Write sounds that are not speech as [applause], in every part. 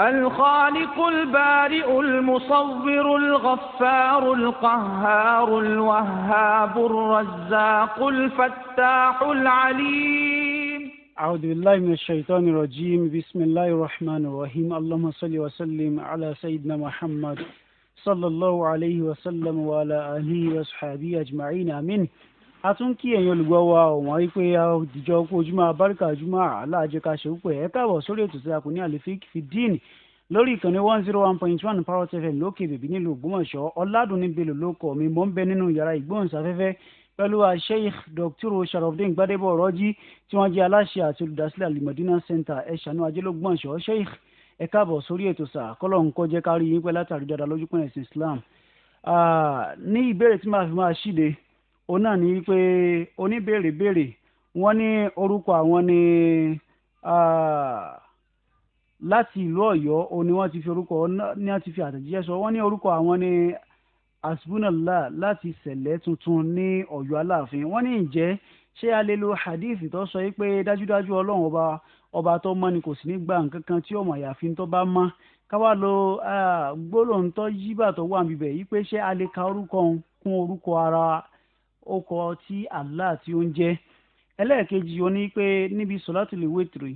الخالق البارئ المصور الغفار القهار الوهاب الرزاق الفتاح العليم أعوذ بالله من الشيطان الرجيم بسم الله الرحمن الرحيم اللهم صل وسلم على سيدنا محمد صلى الله عليه وسلم وعلى آله وصحبه أجمعين آمين a tún kí ẹ̀yin olùgbọ́ wa ọ̀wọ́n wípé a ò dìjọ kú ojúmọ́ abáríkà ojúmọ́ aláàjẹ ká ṣe wípé ẹ káàbọ̀ sórí ètò tí a kò ní àlefik fìdíìn lórí ìkànnì one zero one point one parrot fm lókè bèbí nílùú ògbómọ̀ṣọ́ ọ̀làdùnní belò ló kọ́ mi mò ń bẹ nínú yàrá ìgbóhùnsáfẹ́fẹ́ pẹ̀lú sheikh dr sharafdin gbadebo ọ̀rọ́jì tí wọ́n jẹ́ aláṣẹ àti olùdásílẹ̀ alimọ̀dínà center ẹ̀ṣánú ajẹ́lógbọ̀nsọ̀ sheikh ẹ káàbọ̀ sórí ètò sáà kọ́lọ̀ ń kọjẹ́ kárí yín pẹ́ látàrí dáadáa lójú pẹ̀lẹ́sìn islam ah, ní ìbéèrè tí màá fi máa ṣíde òun náà ní pé oníbèrèbèrè wọ́n ní orúkọ àwọn ní láti ìlú Ọ̀yọ́ òun ni wọ́n ti fi orúkọ ní wọ́n ti fi àtẹ̀jíṣẹ́ sọ wọ́n ní orúkọ àwọn ní asbunala láti ṣẹ̀lẹ̀ tuntun ní Ọ̀yọ́ Aláàfin wọ́n ní ǹjẹ́ ṣé a lè lo hadith tó sọ yìí pé dájúdájú Ọlọ́run ọba ọba tó mọ́ ni kò sí ní gbà nǹkan kan tí ọmọ àyàfi tó bá mọ́ káwá lo gbólóhùn tó yíbà tó wà níbẹ̀ yìí pé ṣé a lè ka orúkọ kún orúkọ ara okọ̀ tí Allah tí ó ń jẹ́ ẹlẹ́ẹ̀kejì ó ní pé níbi sọ̀látùlì wẹ́tìrì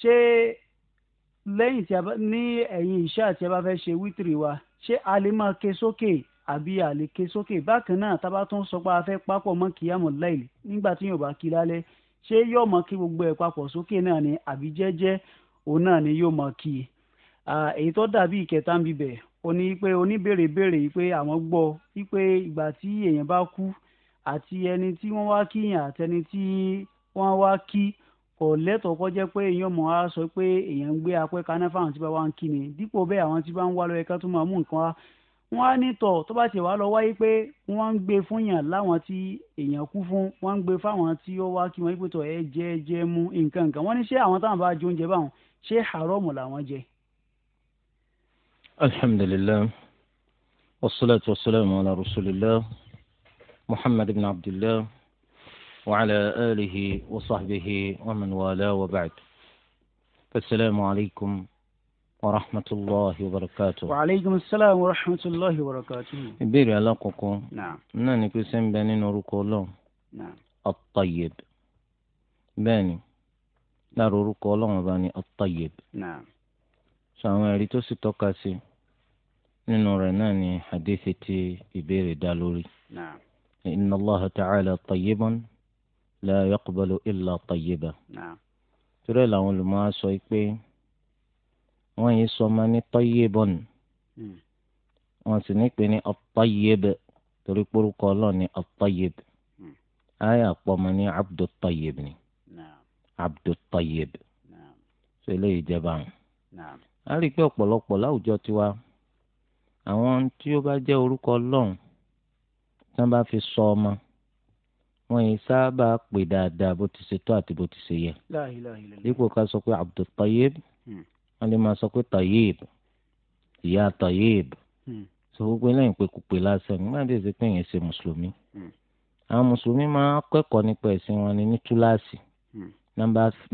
ṣé lẹ́yìn tí a bá ní ẹ̀yìn ìṣá tí a bá fẹ́ ṣe wítìrì wa ṣé a lè máa ké sókè àbí a lè ké sókè bákan náà tá a bá tún sọ pé a fẹ́ papọ̀ mọ́ kíyàmù láìlì nígbà tí yóò bá kí lálẹ́ ṣé yóò mọ kí gbogbo ẹ̀ papọ̀ sókè náà ni àbí jẹ́jẹ́ òun náà ni yóò mọ kí èyí tó dàbí ìkẹta ń bibẹ̀ ó ní pé oníbèrè béèrè pé àwọn gbọ́ pé ìgbà tí èèyàn bá kú àti ẹni tí wọ́n wá kíyàn àti ẹni tí wọ́n wá kí kò lẹ́tọ̀ọ́ kọ́ pé èèyàn mọ̀ á sọ pé èèyàn ń gbé apẹ́ kaná fáwọn tí bá wá ń kí ni dípò bẹ́ẹ̀ àwọn tí bá ń wá lọ ẹ̀ka tó máa mú nǹkan wá wọ́n á ní tọ̀ tó bá ti wá lọ wáyé pé wọ́n ń gbé fún yàn láwọn tí èèyàn kú fún wọ́n ń gbé fáwọn tí ó wá kí wọ́n yí pé tọ̀ ẹ jẹ́ jẹ́ mú nǹkan nǹkan wọ́n ní ṣé àwọn táwọn bá jẹ báwọn ṣé haramu làwọn jẹ الحمد لله والصلاة والسلام على رسول الله محمد بن عبد الله وعلى آله وصحبه ومن والاه وبعد فالسلام عليكم ورحمة الله وبركاته وعليكم السلام ورحمة الله وبركاته بير علاقكم نعم ناني كسين باني ṣé ń نعم الطيب باني Ọlọ́run At-Tayyib باني الطيب نعم oruko orúkọ Ọlọ́run bá ní nínú rẹ̀ náà ni hadithi tí ìbéèrè dá lórí. inna allah ta'ala tayyiban la yaqbalu illa tayyiba. torí làwọn olùmọ̀ á sọ pé wọ́n yìí sọ ma ní tayyiban hmm. wọ́n sì ní pé ní at-tayyib torí pórúkọ ọlọ́ọ̀ni at-tayyib àyà pọ̀ ma ní abdul tayyib ni abdul tayyib ṣe eléyìí jẹba. a rí i pé ọ̀pọ̀lọpọ̀ láwùjọ tiwa. Nah àwọn tí ó bá jẹ́ orúkọ ọlọ́run tí wọ́n bá fi sọ ọmọ wọn yìí sábà pè dáadáa bó ti ṣe tó àti bó ti ṣe yẹ dípò ká sọ pé Abdultayyib hmm. wọn lè máa sọ pé Tayyib ìyá Tayyib hmm. sọ gbogbo eléyìí pé kò pè lásán nígbà tí èsì pé yẹn ṣe mùsùlùmí hmm. àwọn mùsùlùmí máa kẹ́kọ̀ọ́ nípa ẹ̀sìn wọn ní túláàsì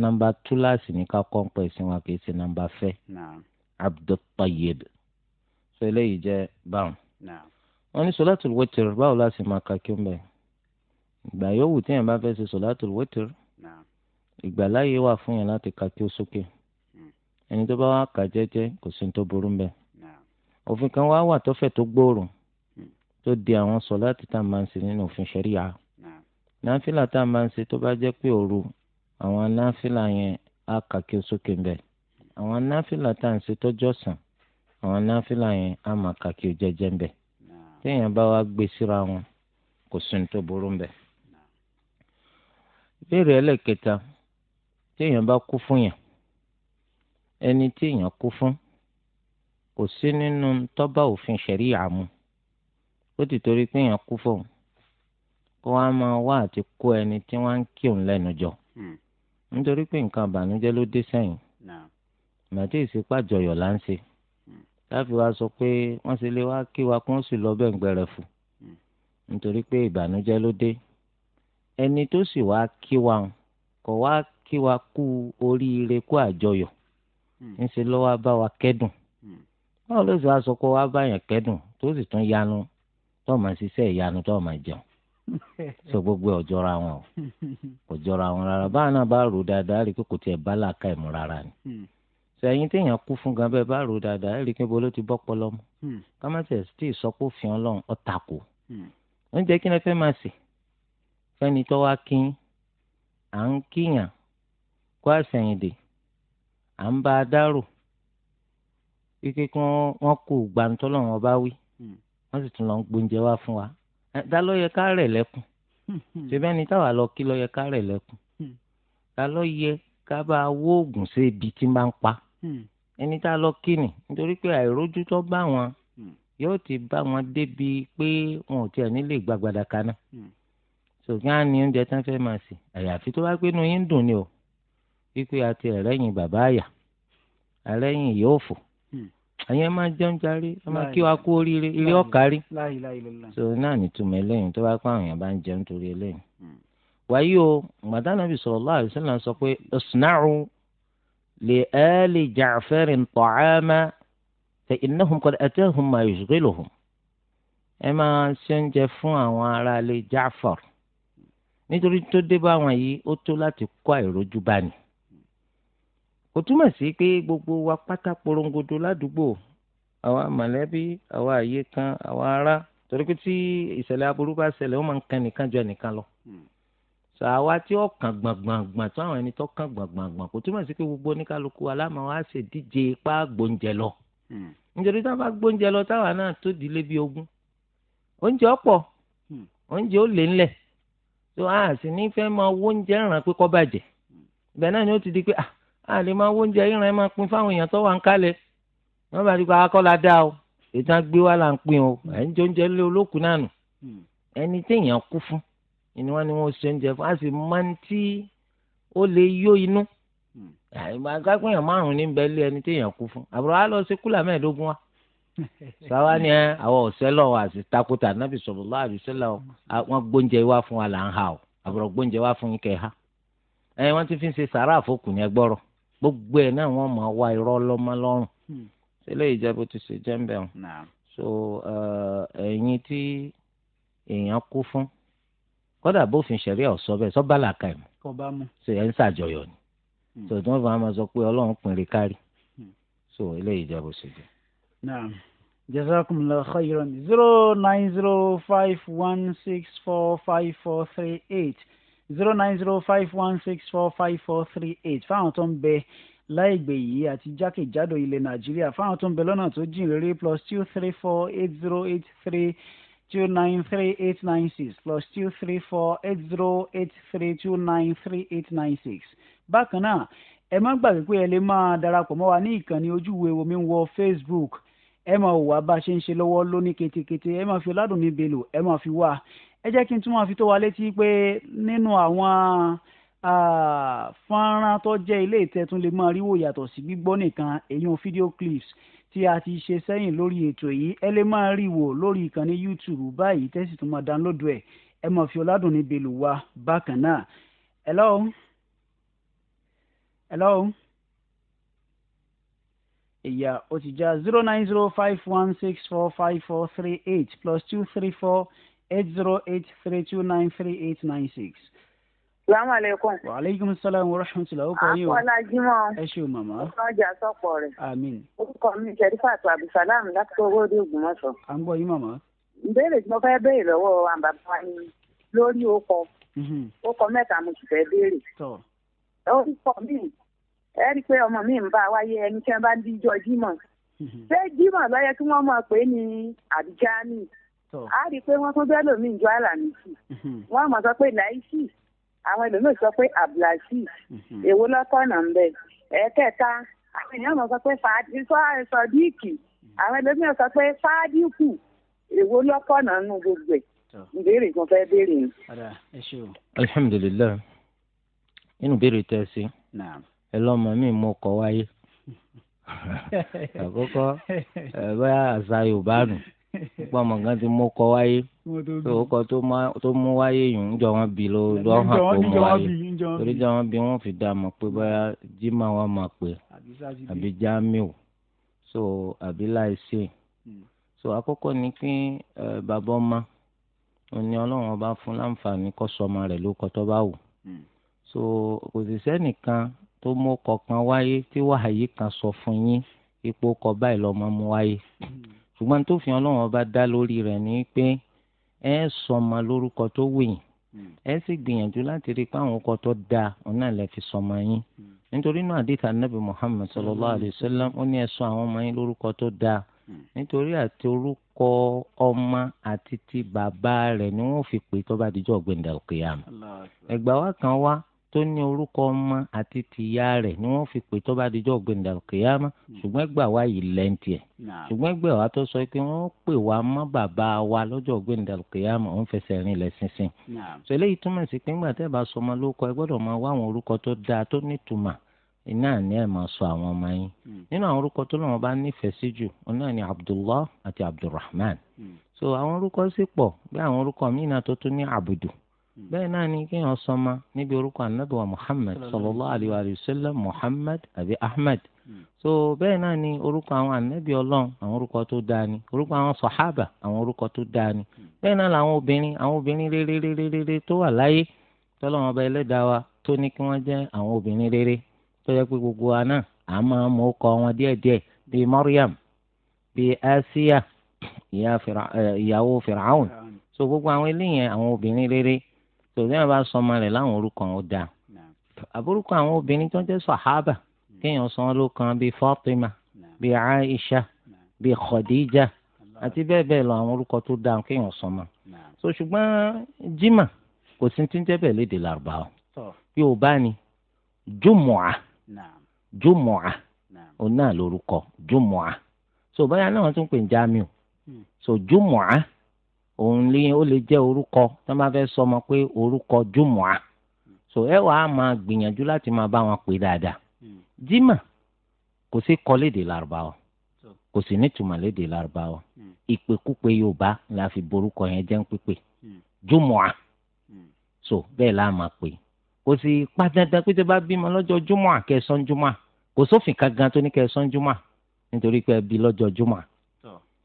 nọ́mbà túláàsì ní ká kọ́ nípa ẹ̀sìn wọn kì í ṣe nọ́mbà fẹ́ Abdultayyib sọ eléyìí jẹ́ báwọn. wọ́n ní sọláàtù wẹ́tìrì báwo láti máa ka kí ó mẹ́ ìgbà yòówù tí yẹn bá fẹ́ ṣe sọláàtù wẹ́tìrì ìgbà láyé wà fún yẹn láti ka kí ó sókè hmm. ẹni tó bá wà kà jẹ́jẹ́ kò sí tó burú mbẹ́ òfin kan wá wà tọ́fẹ̀ tó gbòòrò hmm. tó di àwọn sọláàtì tá a máa ń ṣe nínú òfin ṣẹ̀ríà náfìlà tá a máa ń ṣe tó bá jẹ́ pé òru àwọn náfìlà yẹn á kà kí ó sókè mbẹ́ àwọn náfìlà tá à ń ṣe tọ́jọ́ sàn àwọn náfìlà yẹn á máa kà kí o jẹ́jẹ́ ń bẹ̀ téèyàn bá wá gbé síra wọn kò sùn ní tó burú ń bẹ̀. ìbéèrè ẹlẹ́kẹta téèyàn bá kú fún yàn ẹni téèyàn kú fún kò sí nínú tọ́ba òfin ṣẹ̀ríyà mu ó ti torí pé èèyàn kú fóun kó wá máa wá àti kó ẹni tí wọ́n ń kí òun lẹ́nu jọ hmm. nítorí pé nǹkan àbànújẹ́ ló dé sẹ́yìn màtí ìsìpàjọyọ̀ là ń ṣe. láfi wá sọ pé wọ́n sì lè wá kí wa kí wọ́n lọ bẹ́ẹ̀ ń gbẹrẹ hmm. nítorí pé ìbànújẹ́ ló dé ẹni tó sì wá kí wa kò wá kí wa kú oríire kú àjọyọ̀ ńṣe hmm. ló wá bá wa kẹ́dùn hmm. báwo ló sì wá sọ pé wá bá yàn kẹ́dùn tó sì tún yanu tó máa ṣiṣẹ́ ìyanu tó máa jẹun [laughs] so gbogbo ọjọra wọn ọjọra [laughs] wọn rárá báwọn náà bá rò dáadáa rí i pé bá làákà rárá sẹ́yìn téèyàn kú fún gan bẹ́ẹ̀ bá rò dáadáa ẹ̀rí kí bolo ti bọ́ pọlọ mu hmm. kámẹ́sẹ̀ tí ìsọpọ̀ fi hàn lọ́n ọ̀tà kù oúnjẹ kí ni fẹ́ máa sè fẹ́ni tó wá kí à ń kíyàn kó àṣẹyìndè à ń bá a dárò kíkẹ́ kí wọ́n kú gbàǹtọ́lọ̀ wọn bá wí hmm. wọ́n sì tún lọ ń gbóúnjẹ wá fún wa dá ló yẹ ká rẹ̀ lẹ́kùn hmm. táwa lọ kí ló yẹ lẹ́kùn dá ló ká bá a wó oògùn sí ibi tí máa ń pa. Hmm. ẹni tá a lọ kí ni nítorí pé àìrójú bá wọn hmm. yóò ti bá wọn débi pé wọn ò tiẹ̀ nílé gbàgbàdà kaná á hmm. ní oúnjẹ tán fẹ́ máa àyàfi tó bá pé ni o wípé àti ẹ̀rẹ́yìn bàbá àyà ẹ̀rẹ́yìn yóò fò àyẹn máa jẹun járe ẹ máa kí wa kú oríire ilé so náà nìtumọ̀ eléyìí tó bá pé àwọn èèyàn bá ń jẹun torí eléyìí wàyí o bí لآل جعفر طعاما فإنهم قد أتاهم ما يشغلهم ẹ máa ṣe oúnjẹ fún àwọn aráalé Ja'far nítorí tó dé bá wọn yìí ó tó láti kó àìrójú bá ní. kò túmọ̀ sí pé gbogbo wa pátá porongodo ládùúgbò àwa mọ̀lẹ́bí àwa àyè kan àwa ará torí pé tí ìṣẹ̀lẹ̀ aburú bá ṣẹlẹ̀ ó máa ń kan nìkan ju ẹnìkan lọ. Mm sọ àwa tí ó kàn gbọ̀ngbọ̀ngbọ̀n tó àwọn ẹni tó kàn gbọ̀ngbọ̀ngbọ̀n kò túmọ̀ sí pé gbogbo oníkálukú aláma wa ṣe díje ipá gbóúnjẹ lọ. Hmm. nítorí táwọn bá gbóúnjẹ lọ táwa náà tó dílé bíi ogún oúnjẹ ọ̀pọ̀ hmm. oúnjẹ ó lé ńlẹ̀ tó a sì ní fẹ́ máa wó oúnjẹ ràn pé kọ́ bàjẹ́ hmm. ibẹ̀ náà ni ó ti di pé ah, a lè máa wó oúnjẹ ìràn ẹ̀ máa pin fáwọn èèyàn tó wà ń kálẹ̀ wọ́n bá di pé akọ́ ah, la dá o ètò àgbéwá là ń pin o ẹ̀ ni wọ́n ní wọ́n ṣe oúnjẹ fún a sì máa ń tí ó lè yó inú hmm. àgbàgbọ́n èèyàn márùn-ún ní bẹ́ẹ̀ lé ẹni tí èèyàn kú fún àbúrò wa lọ sí kúlà mẹ́ẹ̀ẹ́dógún wa sáwa [laughs] ni ẹ àwọn ọ̀sẹ́ lọ́wọ́ àti takuta nábì sallallahu alaihi wasallam wọn gbóúnjẹ wá fún wa là ń ha o àbúrò gbóúnjẹ wá fún yín kẹ́ ẹ wọ́n ti fi ṣe sàrà àfọkùn yẹn gbọ́rọ̀ gbogbo ẹ̀ náà wọ́n máa wá irọ́ lọ́mọ lọ́rùn sílẹ̀ hmm. ìjẹ́bù ti ṣe jẹ́ńbẹ̀ wọn so ẹ̀yin tí kódà bófin ṣẹ̀ríà ọ̀sọ́ bẹ́ẹ̀ sọ́ba làkà ẹ̀ mọ́ so ẹ̀ ń ṣàjọyọ̀ ni hmm. so tí wọ́n fà máa sọ pé ọlọ́run pinrin kárí hmm. so eléyìí jẹ́ bó ṣe jẹ́. naam jazakumullahu khairan zero nine zero five one six four five four three eight zero nine zero five one six four five four three eight fáwọn tó ń bẹ láìgbè yìí àti jákèjádò ilẹ̀ nàìjíríà fáwọn tó ń bẹ lọ́nà tó jìn réré plus two three four eight zero eight three two nine three eight nine six plus two three four eight zero eight three two nine three eight nine six. bákan náà ẹ má gbàgbé pé ẹ lè máa darapọ̀ mọ́ wa ní ìkànnì ojúwe omi wọ Facebook ẹ máa wà bá a ṣe ń ṣe lọ́wọ́ lónìí ketekete ẹ máa fi ládùn mi bèlò ẹ máa fi wá ẹ jẹ́ kí n tún máa fi tó wa létí pé nínú àwọn fọ́nrán tó jẹ́ ilé ìtẹ́tún lè máa ríwò yàtọ̀ sí gbígbọ́ nìkan èyí fídíò clips tí a ti ṣe sẹ́yìn lórí ètò yìí ẹ lè máa rí wò lórí ìkànnì youtube báyìí tẹ́sí tó máa dánlódù ẹ̀ ẹ máa fi ọ̀làdùnní bèlò wa bákan náà. hello hello ìyá ó ti já zero nine zero five one six four five four three eight plus two three four eight zero eight three two nine three eight nine six salaamaleykum. waaleykum salaam wa rahmatulah o kò yín o. akọ́lá jimọ̀. ẹ ṣeun màmá. ó kàn jà sọ̀pọ̀ rẹ̀. àmín. orúkọ mi sẹ́rífàtò abdulsalam látọwọ́ orí ògbómọ̀ṣọ́. à ń bọ̀ yín màmá. ìbéèrè tí mo fẹ́ béèrè lọ́wọ́ àǹbàbá ni lórí okọ̀. Mhm. okọ̀ mẹ́ta mo sì fẹ́ béèrè. orúkọ mi ẹ rí i pé ọmọ mi ń bá wáyé ẹni tí wọ́n bá ń díjọ jimọ̀. Mhm. ṣé jimọ̀ ló yẹ kí wọ́n mọ̀ pé ní àbíjá ni. a rí i pé wọ́n tún bẹ́ẹ̀ lòmíì ju àlàmì sí. Mhm. wọ́n mọ̀ sọ pé láìsí àwọn ẹlòmíín sọ pé abdulaziz mhm. èwo lọ́tọ̀nà ń bẹ̀ ẹ̀ẹ́kẹta àwọn èèyàn mọ̀ sọ pé sọdíìkì mhm. àwọn ẹlòmíín sọ pé fàdíkù èwo lọ́tọ̀nà nù gbogbo ẹ̀ ìbéèrè kan fẹ́ béèrè ni. alhamdulilayi inú béèrè tẹ ẹ sí ẹ lọ́mọ mi mú ọkọ̀ wáyé [laughs] àkọ́kọ́ ẹ bá àṣà yorùbá nù. [laughs] pọ ọmọ nǹkan ti mú kọ wáyé tó kọ tó mú wáyé yìí ń jọ wọn bí ló lọ hàn kó mú wáyé torí jọ wọn bí wọn fi dá a mọ̀ pé bóyá jimá wọn máa pè àbí jamiu so àbí láìsè hmm. so àkọ́kọ́ ni kí bàbá ọmọ òní Ọlọ́run ọba fún láǹfààní kọ sọmọ rẹ̀ ló kọ tó bá wù hmm. so kò sì sẹ́nìkan tó mú kọ̀ọ̀kan wáyé tí wàhálì kan sọ fún yín ipò kọ báyìí lọ́mọ mú wáyé. Hmm ṣùgbọ́n tó fi ọlọ́run ọba dá lórí rẹ̀ ni pé ẹ sọmọ lórúkọ tó wù yín hmm. ẹ sì gbìyànjú láti rí i pé àwọn ọkọ tó dáa òun náà lè fi sọmọ yín hmm. nítorí náà àdìkà nàbì Muhammad sallallahu alayhi wa sallam ó ní ẹ sọ àwọn ọmọ yín lórúkọ tó dáa hmm. nítorí àti orúkọ ọmọ àti ti bàbá rẹ̀ ni wọ́n fi pè tó bá dijọ́ gbẹ̀ndàkìyàmù ẹgbàá wa kan wá tó ní orúkọ ọmọ àti tìyá rẹ̀ ni wọ́n fi pè tó bá dijọ́ gbẹ̀ndà kìyàmá hmm. ṣùgbọ́n ẹgbà wa yìí lẹ́ǹtì ẹ̀ ṣùgbọ́n ẹgbà wa tó sọ pé wọ́n pè wá mọ́ bàbá wa lọ́jọ́ gbẹ̀ndà kìyàmá òun fẹsẹ̀ rìn lẹ̀ sínsìn. sọ eléyìí túmọ̀ sí pé ńgbà tẹ́ bá sọ ọmọ lórúkọ ẹ gbọ́dọ̀ máa wá àwọn orúkọ tó dáa tó nítumọ̀ iná ni ẹ máa sọ àwọn ọmọ yín hmm. nínú àwọn orúkọ tó lọ́wọ́ bá nífẹ̀ẹ́ sí jù òun náà ni Abdullah àti Abdulrahman hmm. so àwọn orúkọ sì pọ̀ bí àwọn orúkọ míì náà tó tún ní Abudu Hmm. bẹ́ẹ̀ náà ni kí wọ́n sọma níbi orúkọ anabi wa muhammed sallallahu alayhi wa sallam muhammed àbí ahmed hmm. so bẹ́ẹ̀ náà ni orúkọ àwọn anabi ọlọ́run àwọn orúkọ tó dáa ni orúkọ àwọn sọ̀hábà àwọn orúkọ tó dáa hmm. bẹ́ẹ̀ náà làwọn obìnrin àwọn obìnrin rere rere rere tó wà láyé tọ́lọ́wọ́n ọba ẹlẹ́dàá wa tó ní kí wọ́n jẹ́ àwọn obìnrin rere tó yẹ pé gbogbo wa náà à máa mú ọkọ wọn díẹ̀díẹ̀ bíi maryam bíi asiya eh, ìyàwó fìràhùn so gbogbo àwọn eléyìí àwọn obìnrin rere tòbí àwọn bá sọ ọmọ rẹ̀ láwọn orúkọ àwọn ọ̀dà àbúrúkọ àwọn obìnrin tó ń jẹ́ sàhábà kéèyàn sọ wọn ló kan bíi Fatima bíi Aisha bíi Khadija àti bẹ́ẹ̀ bẹ́ẹ̀ lọ àwọn orúkọ tó dáa kéèyàn sọ ma so ṣùgbọ́n jimá kò sí ti ń jẹ́ bẹ́ẹ̀ lédè lárúbáwá Yorùbá ni jùmọ̀à jùmọ̀à òun náà lórúkọ jùmọ̀à so báyà náà wọ́n tún pè ń jámíù hmm. so òun lé ó lè jẹ́ orúkọ tí wọ́n bá fẹ́ sọ ọmọ pé orúkọ jùmọ̀á so ẹ wàá máa gbìyànjú láti máa bá wọn pè dáadáa hmm. jimá kò sí kọ lédè lárúbáwá kò sì nítumọ̀ lédè lárúbáwá hmm. ìpèkúpè yorùbá la fi borúkọ yẹn jẹ́ ń pípè hmm. jùmọ̀á so bẹ́ẹ̀ láà máa pè kò sí pàtàkì pé tẹ bá bímọ lọ́jọ́ jùmọ̀á kẹsàn-án jùmọ̀á kò sófin kankan tó ní kẹsàn-án jùmọ̀á nítorí pé ẹ bí lọ́jọ́ jùmọ̀á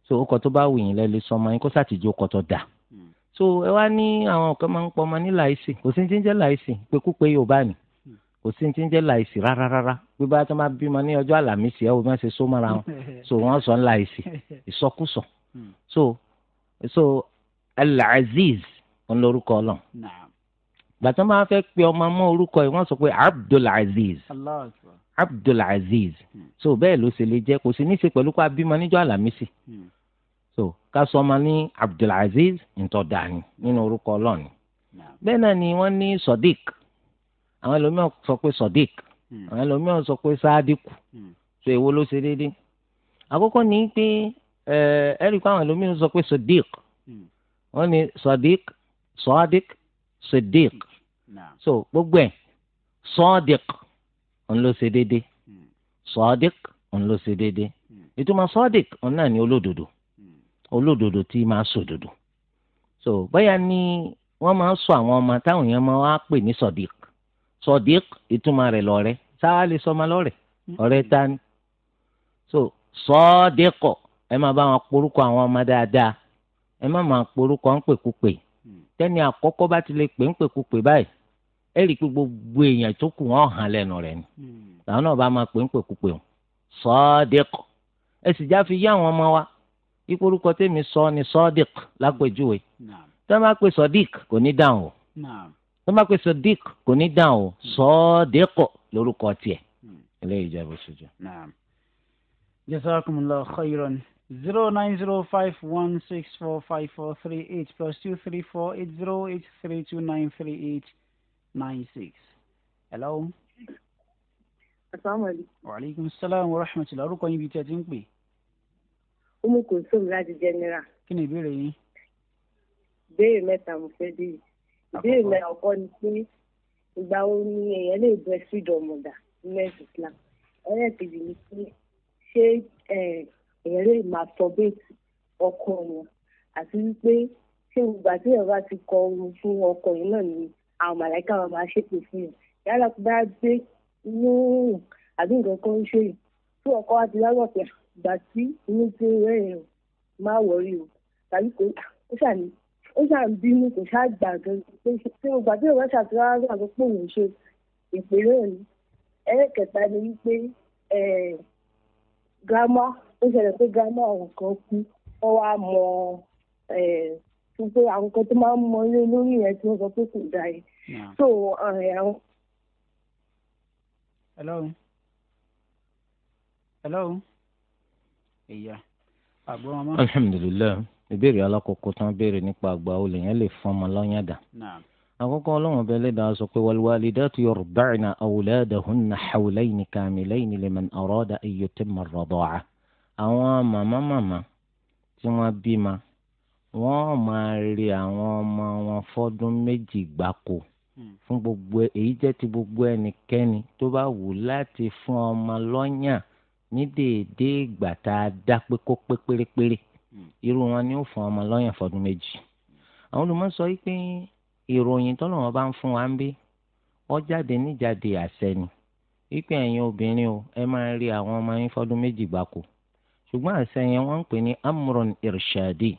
so ó kọ tó bá wù yín lẹ́lẹ́ sọmọ yín kó sàtìjú ó tó dà hmm. so ẹ wá ní àwọn kan máa ń pọ ọmọ ní láìsì kò sí ní ti ń jẹ́ láìsì pekúpe yorùbá ni hmm. kò sí ní ti ń jẹ́ láìsì rárá rárá bí bá tó máa bímọ ní ọjọ́ àlàmísì ẹ wò má ṣe só mọ́ra wọn [laughs] so wọ́n sọ ń láìsì [laughs] ìsọkúsọ hmm. so so alaziz ń lórúkọ ọlọ́run gbàtọ́ máa fẹ́ pe ọmọ mọ́ orúkọ yìí wọ́n sọ pé abdulaziz abdulaziz so bẹ́ẹ̀ ló ṣe lè jẹ́ kò sí ní í ṣe pẹ̀lú pé abímọ níjọ́ àlàmísì so kásọmọ ní Abdulaziz ntọ́dani nínú orúkọ ọlọ́ọ̀ni bẹ́ẹ̀ náà ni wọ́n ní Sodiq àwọn ẹlòmíràn sọ pé Sodiq hmm. àwọn ẹlòmíràn sọ pé sáàdìkù hmm. so èwo ló ṣe déédéé àkọ́kọ́ ni pé ẹ̀rí kó àwọn ẹlòmíràn sọ pé Sodiq hmm. wọ́n ní Sodiq Sodiq Sodiq so gbogbo ẹ̀ Sodiq òun ló ṣe déédéé Sodiq òun ló ṣe déédéé ìtumọ̀ Sodiq òun náà ni olódodo. Mm olódodo tí máa sòdodo so bóyá ni wọ́n máa ń sọ àwọn ọmọ táwọn yẹn máa wá pè ní sodiq sodiq ìtumọ̀ rẹ̀ lọ́rẹ́ sáà lè sọ ọmọ lọ́rẹ́ ọ̀rẹ́ ta so sọ́ọ́dẹ́kọ̀ ẹ máa bá wọn porúkọ àwọn ọmọ dáadáa ẹ má máa porúkọ ń pèkúpè hmm. tẹ́ni àkọ́kọ́ bá ti lè pè ń pèkúpè báyìí ẹ rí i pé gbogbo èèyàn tó kù wọ́n hàn lẹ́nu rẹ̀ ni hmm. làwọn náà bá máa pè ń pèkúpè o ẹ sì já fi yá àwọn ọmọ wa ipò orúkọ tèmi sọ ni sọdík lápèjúwe tó bá pè sọdík kò ní dáhùn o tó bá pè sọdík kò ní dáhùn o hmm. sọdíkọ lórúkọ tiẹ̀ hmm. eléyìí jẹ bó ṣojú. jazakumullahu khairan zero nine zero five one six four five four three eight plus two three four eight zero eight three two nine three eight nine six. hello. asalaamualeykum. wa aleykum salaam wa rahmatulah orúkọ yín bíi tẹ́tí ń pè é umu kulsum láti general. kí ni ìbéèrè yín. ìbéèrè mẹ́ta mo fẹ́ bí ìbéèrè mẹ́ta ọkọ ni pé ìgbà wo ni èèyàn lè bẹ freedom ọ̀dà nílẹ̀ islam ẹlẹ́ẹ̀kejì ni pé ṣé èèyàn lè máa sọ bẹ́ẹ̀tì ọkọ wọn àti wípé ṣé ìgbà tí èèyàn bá ti kọ ohun fún ọkọ yìí náà ni àwọn màláìka wọn máa ṣépè fún yàn yálà bá gbé inú àbí nǹkan kan ń ṣe yìí tí ọkọ wa ti lágbọ̀n gbà tí inú tí ń rẹ̀ yẹn má wọ̀rí o tàbí kò ó ṣà ní ó ṣà ń bínú kò ṣáà gbà gan pé ṣé o gbà tí òun bá ṣàtúrà rà ló pò wọ́n ṣe ìpínlẹ̀ òní ẹlẹ́kẹta ni wípé grandma ó ṣẹlẹ̀ pé grandma ọ̀hún kan kú wọ́n wá mọ pé àwọn kan tó máa ń mọ ilé lórí yẹn tí wọ́n sọ pé kò dáa yẹn so àwọn. hello hello ìyá àgbọn ọmọ. alhamdulilayi ìbéèrè alákọ̀ọ́kọ́ tán béèrè nípa àgbà olè yẹn lè fọ́n ọmọ lọ́yàn dà. àkọ́kọ́ ọlọ́run bẹ́ẹ̀ lè dáa sọ pé walwalidatu yurdi'na awladahunna hawlayni kamilayni liman arada an yutimma ar-rida'a. àwọn màmá màmá tí wọ́n bímọ wọ́n máa rí àwọn ọmọ wọn fọ́dún méjì gbáko hmm. fún gbogbo èyí jẹ́ ti gbogbo ẹnikẹ́ni tó bá wù láti fún ọmọ lọ́yàn ní déédéé ìgbà tá a hmm. irú wọn ni ó fún ọmọ lọ́yàn fọdún méjì àwọn olùmọ̀ sọ pé ìròyìn tọ́lọ́wọ́n bá ń fún wa ń bí ó jáde níjáde àṣẹ ni wípé ẹ̀yin obìnrin o ẹ máa rí àwọn ọmọ yín fọdún méjì gbáko ṣùgbọ́n àṣẹ yẹn wọ́n ń pè ní amron irshadi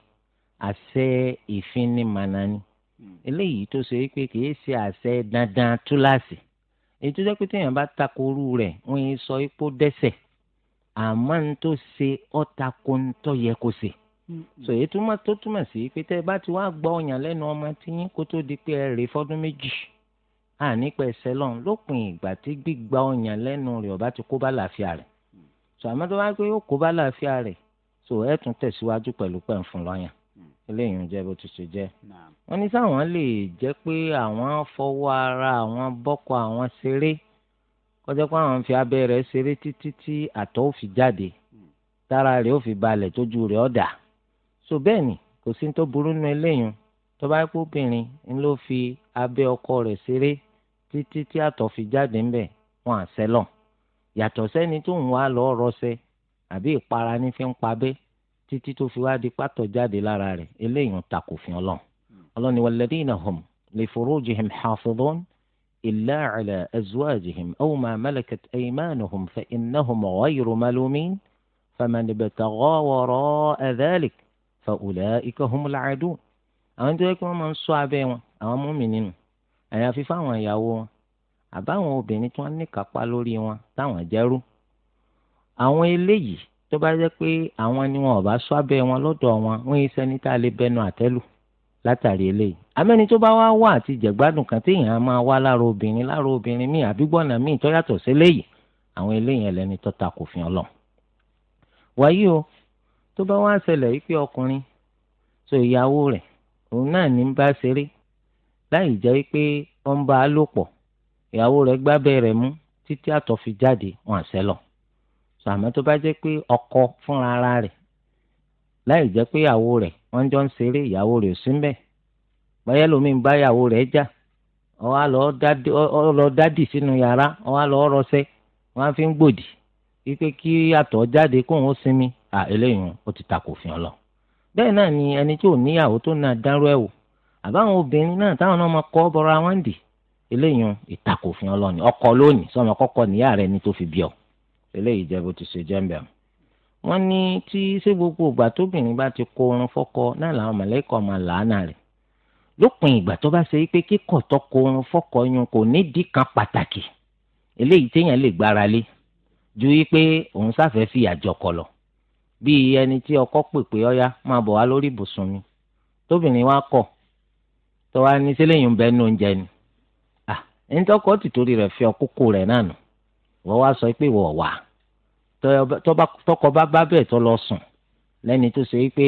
àṣẹ ìfinimànani hmm. eléyìí tó ṣe pé kì í ṣe àṣẹ dandan túláàsì èyí tó jẹ́ pé téèyàn bá takoru rẹ̀ wọ́n yẹn sọ ipò dẹ́ṣẹ̀ àmọ́ ń tó ṣe ọ̀tà kó ń tọ́ yẹ kó ṣe. so èyí túmọ̀ tó túmọ̀ sí pé tẹ́ ẹ bá ti wá gbọ́ ọ̀yàn lẹ́nu ọmọ tí yín kó tó di pé ẹ rè fọ́dún méjì ànípa ẹsẹ̀ lọ́n lópin ìgbà tí gbígba ọ̀yàn lẹ́nu rẹ̀ ọba ti kó bá làáfíà rẹ̀ so àmọ́ tó bá pé ó kó bá làáfíà rẹ̀ so ẹ tún tẹ̀síwájú pẹ̀lú pẹ̀fún lọ́yàn mm. eléyìí ń jẹ́ bó ti ṣe jẹ́ wọ́n ní sáwọn lè jẹ́ pé àwọn fọwọ́ ara àwọn bọ́kọ àwọn ṣeré kọjá pé àwọn fi abẹ́ rẹ̀ ṣeré títí tí àtọ̀ ò fi jáde tára rẹ̀ ò fi balẹ̀ tójú rẹ̀ ọ̀dà so bẹ́ẹ̀ ni kò sí tó burú nu eléyìí tó bá pé obìnrin ń ló fi abẹ́ ọkọ rẹ̀ ṣeré títí tí àtọ̀ fi jáde ńbẹ̀ wọn à sẹ́lọ̀ yàtọ̀ sẹ́ni tó ń wá lọ́ọ́ rọṣẹ́ àbí ìpara ní fi ń pabẹ́ títí tó fi wá di pátọ̀ jáde lára rẹ̀ eléyìí takò fi ọlọ́run ọlọ́ni walladhina hum li furujihim hafidhun إلا على أزواجهم أو ما ملكت أيمانهم فإنهم غير ملومين فمن ابتغى وراء ذلك فأولئك هم العادون àwọn tó yẹ kí wọ́n máa ń ṣọ́ abẹ́ wọn àwọn mùmínì nínú àyàfi fáwọn ìyàwó wọn àbáwọn obìnrin tí wọ́n ní kápá lórí wọn táwọn jẹ́rú àwọn eléyìí tó bá jẹ́ pé àwọn ni wọn ò bá ṣọ́ abẹ́ wọn lọ́dọ̀ wọn wọ́n yẹ sẹ́ni tá a lè bẹnu àtẹ́lù látàrí eléyìí amẹ́ni tó bá wá wà àti jẹ̀gbádùn kan téèyàn á máa wá lára obìnrin lára obìnrin míì àbígbọ́nà míì tó yàtọ̀ sí léyìí àwọn eléyìí ẹlẹ́ni tó ta kò fihàn lọ. wàyí o tó bá wá ṣẹlẹ̀ wípé ọkùnrin so ìyàwó rẹ̀ òun náà ní bá ṣeré láì jẹ́ wípé wọ́n ń bá a lò pọ̀ ìyàwó rẹ̀ gbábẹ́ rẹ̀ mú títí àtọ̀ fi jáde wọn àṣẹ lọ. sọ àmọ́ tó bá jẹ́ pé ọkọ fúnra ara rẹ̀ láì jẹ́ pé ìyàwó báyà lómi ń bá ìyàwó rẹ̀ já ọwọ́ lọ dádì sínú yàrá ọwọ́ lọ rọṣẹ́ wọn á fi ń gbòdì wípé kí àtọ̀ jáde kóun ó sinmi à eléyìí ó ti takò fi bẹ́ẹ̀ náà ni ẹni tí ò níyàwó tó náà dárú ẹ̀ wò àbáwọn obìnrin náà táwọn náà máa kọ́ bọ́ra wọn dì eléyìí ìtakò ni ọkọ lónìí sọmọ lópin ìgbà tó bá ṣe pé kíkọ̀ tọkọ fọkọyún kò nídìí kan pàtàkì eléyìí téèyàn lè gbára lé ju wípé òun sáfẹ́ fi àjọkọ lọ bíi ẹni tí ọkọ pèpè ọyá máa bọ̀ wá lórí ibùsùn mi tóbìnrin wa kọ̀ tó wá ní sílẹ̀yìn bẹ́ẹ̀ ní oúnjẹ ni ẹni tọkọ tìtorí rẹ̀ fi ọkókó rẹ̀ náà nù wọ́n wá sọ pé wọ́n wà tọkọ bá bá bẹ́ẹ̀ tó lọ sùn lẹ́ni tó ṣe pé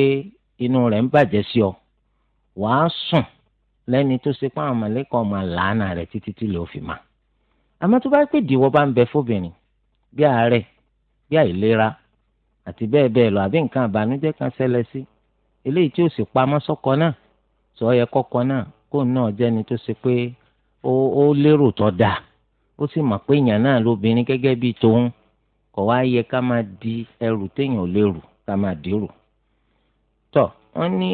inú rẹ̀ ń bàjẹ́ sí ọ wàá sùn lẹ́ni tó ṣe pé àwọn mọ̀lẹ́kọ̀ ọmọ làánà rẹ̀ títí tí lòó fi mà. àmọ́ tó bá pè dìwọ́ bá ń bẹ fóbìnrin bí àárẹ̀ bí àìlera àti bẹ́ẹ̀ bẹ́ẹ̀ lọ àbí nǹkan àbànújẹ́ kan ṣẹlẹ̀ sí eléyìí tí ó sì pamọ́ sọ́kọ náà sọ yẹ kọ́kọ náà kó náà jẹ́ni tó ṣe pé ó lérò tó da ó sì mọ̀ pé èèyàn náà lóbìnrin gẹ́gẹ́ bíi tòun kọ̀ wá yẹ ká máa di ẹrù téèyàn lérò ká máa dérò. wọ́n ní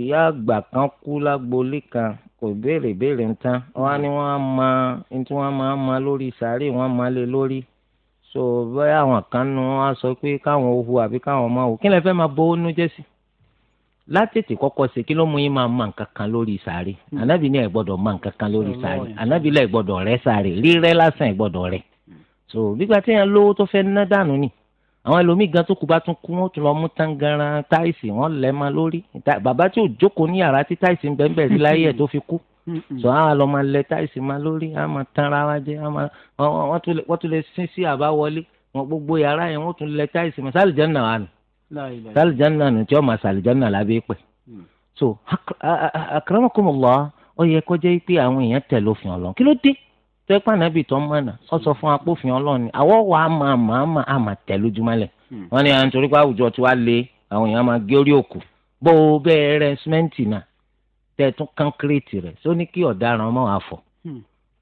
ìyá àgbà kan kú lágboolé kan kò béèrè béèrè ń tán wọ́n á ní wọ́n á mọ ní tí wọ́n máa mọ lórí sàárè wọ́n máa lé lórí so bẹ́ẹ̀ àwọn kan nu wọ́n á sọ pé káwọn ò hu àbí káwọn máa hù kí lè fẹ́ máa bọ́ ó nu jẹ́ sí látètè kọ́kọ́ ṣe kí ló mú yín máa mọ nǹkan kan lórí sàárè hmm. ànábì ní ẹ gbọ́dọ̀ mọ nǹkan kan lórí hmm. sàárè hmm. ànábì lẹ gbọ́dọ̀ rẹ sàárè rírẹ́ lásán ẹ gbọ́dọ̀ rẹ so gbígbà téèyàn lówó tó fẹ́ ná dànù nìyí àwọn ẹlòmíì gan tó kù bá tún kú wọn tún lọ mú tangaran táìsì wọn lẹ ma lórí bàbá tí ò jókòó ní yàrá tí táìsì ń bẹ́ẹ̀ bẹ́ẹ̀ sí láyé ẹ̀ tó fi kú sọ àwọn lọ máa lẹ táìsì ma lórí àwọn máa tan ara wa jẹ wọn tún lè sín sí àbáwọlé wọn gbogbo yàrá yẹn wọn tún lẹ táìsì ma sálìjánà wà nù sálìjánà nù tí wọn máa sálìjánà lábẹ́ pẹ̀ mm. so akramakumullah ó yẹ kó jẹ́ pé àwọn èèyàn tẹ̀lé òfin Ọlọ́run kí ló dé tó pé ànábì tó mọ̀nà ọ sọ fún apófin ọlọ́ọ̀ni àwọ̀ wà á máa máa máa àmà tẹ̀ wọn hmm. wọ́n ní pé àwùjọ tí wàá lé àwọn èèyàn máa gé òkú bó o bẹ́ẹ̀ rẹ símẹ́ǹtì náà tẹ̀ tún kánkírètì rẹ̀ tó ní kí ọ̀daràn ọmọ wa fọ̀ hmm.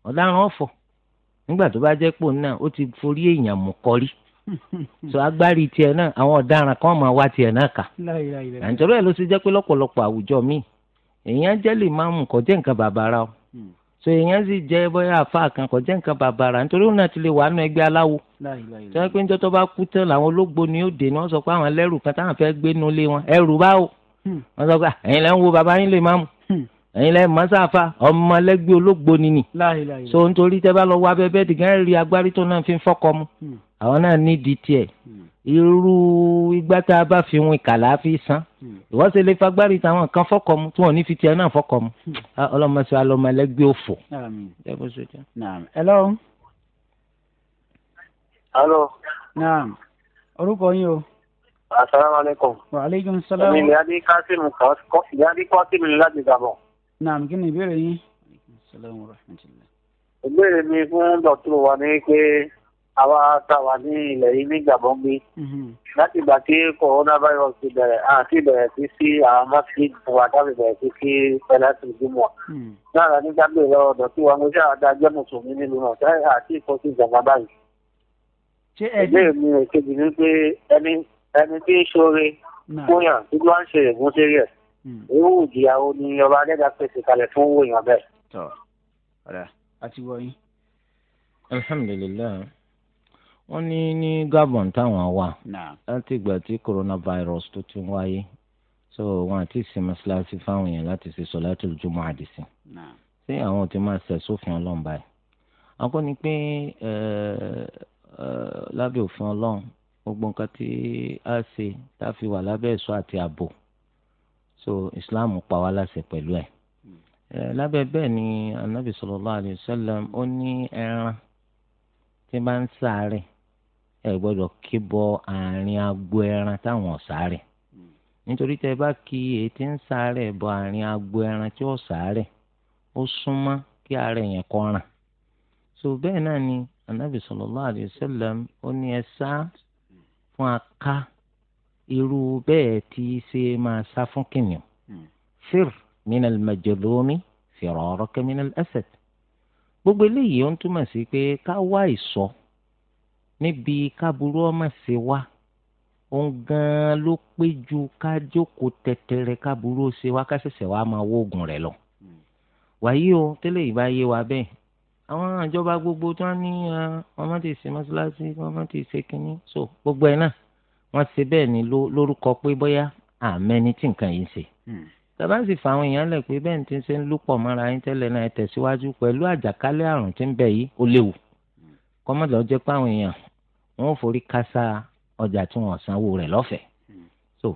ọ̀daràn ọ̀fọ̀ nígbà tó bá jẹ́ pò náà ó ti forí èèyàn mú kọrí [laughs] agbárí tiẹ̀ náà àwọn ọ̀daràn kan máa so èèyàn sì jẹ́ bóyá àfa kan kò jẹ́ nǹkan bàbàrà nítorí òun náà ti lè wà nù ẹgbẹ́ aláwo tí wọ́n pé ń jọ́tọ́ bá kú tán làwọn ológbò ni ó dè ní wọ́n sọ pé àwọn ẹlẹ́rù kan táwọn fẹ́ gbé nu lé wọn ẹrù báwo hmm. wọ́n sọ pé ah, ẹ̀yin lẹ́ wo bàbá yín lè má mu hmm. ẹ̀yin lẹ́ ń mọ́ ọmọ ẹlẹ́gbẹ́ ológbò ni nì so nítorí tẹ́ bá lọ wá bẹ́ẹ̀ bẹ́ẹ̀ rí agbárí tó náà fi fọ́kọ mu hmm. àwọn náà ní di tiẹ̀ irú ìgbà tá a bá fi win kàlà fi san hmm. ìwọ́n ṣe lè fagbárí táwọn kan fọkọ mu tí wọ́n ní fi tiẹ̀ náà fọkọ mu hmm. ah, ọlọ́mọṣẹ́ alọ́mọlẹ́gbẹ́ òfò. hello. hello. naam orúkọ yín o. asalaamualeykum. wa aleykum salaam. èmi ni adi kasim kọ́ ìyá adi kasim láti gabon. naam kí ni ìbéèrè yín. ìbéèrè mi fún dọ̀tún wa ni pé àwa táwa ní ilẹ̀ yìí ní gàbọ́n gbé mm-hmm. láti ìgbà tí corona virus ti bẹ̀rẹ̀ àti ìbẹ̀rẹ̀ sí sí àwọn masjid wa dábì bẹ̀rẹ̀ sí sí pẹ̀lẹ́sì jùmọ̀ náà mm-hmm. ní dábìlì lọ́wọ́ ọ̀dọ̀ tí wọn ṣe àdájọ́ mùsùlùmí nílùú náà tẹ́ àti ìkọ́ sí ìjọba báyìí. ẹgbẹ́ mi ò kejì ní pé ẹni ẹni tí ń ṣoore fúnyàn tí wọ́n ń ṣe ègún sérí ẹ̀ ewu mm-hmm. ìjìyàwó ni ọba adẹ́gà pèsè kalẹ̀ fún wòyàn bẹ́ẹ̀. alhamdulillah wọ́n ní ní Gabon táwọn wà láti ìgbà tí coronavirus tó ti wáyé so wọn àti ìsinmi síláàsì fáwọn èèyàn láti ṣe solatul jumu'a àdìsí ṣé àwọn ti máa ṣẹ̀ sófin ọlọ́run báyìí akọ́ ni pé lábẹ́ òfin ọlọ́run gbogbo nǹkan tí a ṣe tá a fi wà lábẹ́ ẹ̀ṣọ́ àti ààbò so Islam pa wá láṣẹ pẹ̀lú ẹ̀ hmm. lábẹ́ bẹ́ẹ̀ ni anabi sallallahu alayhi wa sallam ó ní ẹran tí bá ń sáré ẹ gbọ́dọ̀ kí bọ àárín agbo ẹran táwọn ọ̀sàárẹ̀ nítorí tẹ bá kí etí ń sàárẹ̀ bọ àárín agbo ẹran tí ó sàárẹ̀ ó súnmọ́ kí àárẹ̀ yẹn kó ràn so bẹ́ẹ̀ náà ni anabi sallallahu alayhi wa sallam ó ní ẹ sá fún aká irú bẹ́ẹ̀ tí ṣe máa sá fún kìnìún fir minal majlumi firaraka minal asad gbogbo eléyìí ó ń túmọ̀ sí pé ká wá ìsọ. So, níbi káburú ọmọ ṣe wá òun gan-an ló pé ju ká jókòó tẹ̀tẹ̀rẹ̀ káburú ṣe wá ká ṣẹ̀ṣẹ̀ máa wóògùn rẹ̀ lọ. Hmm. wàyí o tẹ́lẹ̀ ìbá yé wa bẹ́ẹ̀ àwọn ìjọba gbogbo tí wọ́n ní ọmọ ti ṣe mọ́ṣáláṣí ọmọ ti ṣe kínní so gbogbo ẹ̀ náà wọ́n ṣe bẹ́ẹ̀ ni lórúkọ pé bóyá àmẹ́ni tí nǹkan yìí ń ṣe hmm. tàbá sì fa àwọn èèyàn lẹ pé bẹ́ẹ̀ ní ti ṣe ń lúpọ̀ mọ́ra yín tẹ́lẹ̀ náà ẹ tẹ̀síwájú pẹ̀lú àjàkálẹ̀ àrùn tí ń bẹ yìí ó léwu hmm. kọ́mọ́dọ̀ jẹ́ pé àwọn èèyàn wọ́n forí kásá ọjà tí wọ́n sanwó rẹ̀ lọ́fẹ̀ẹ́ hmm. so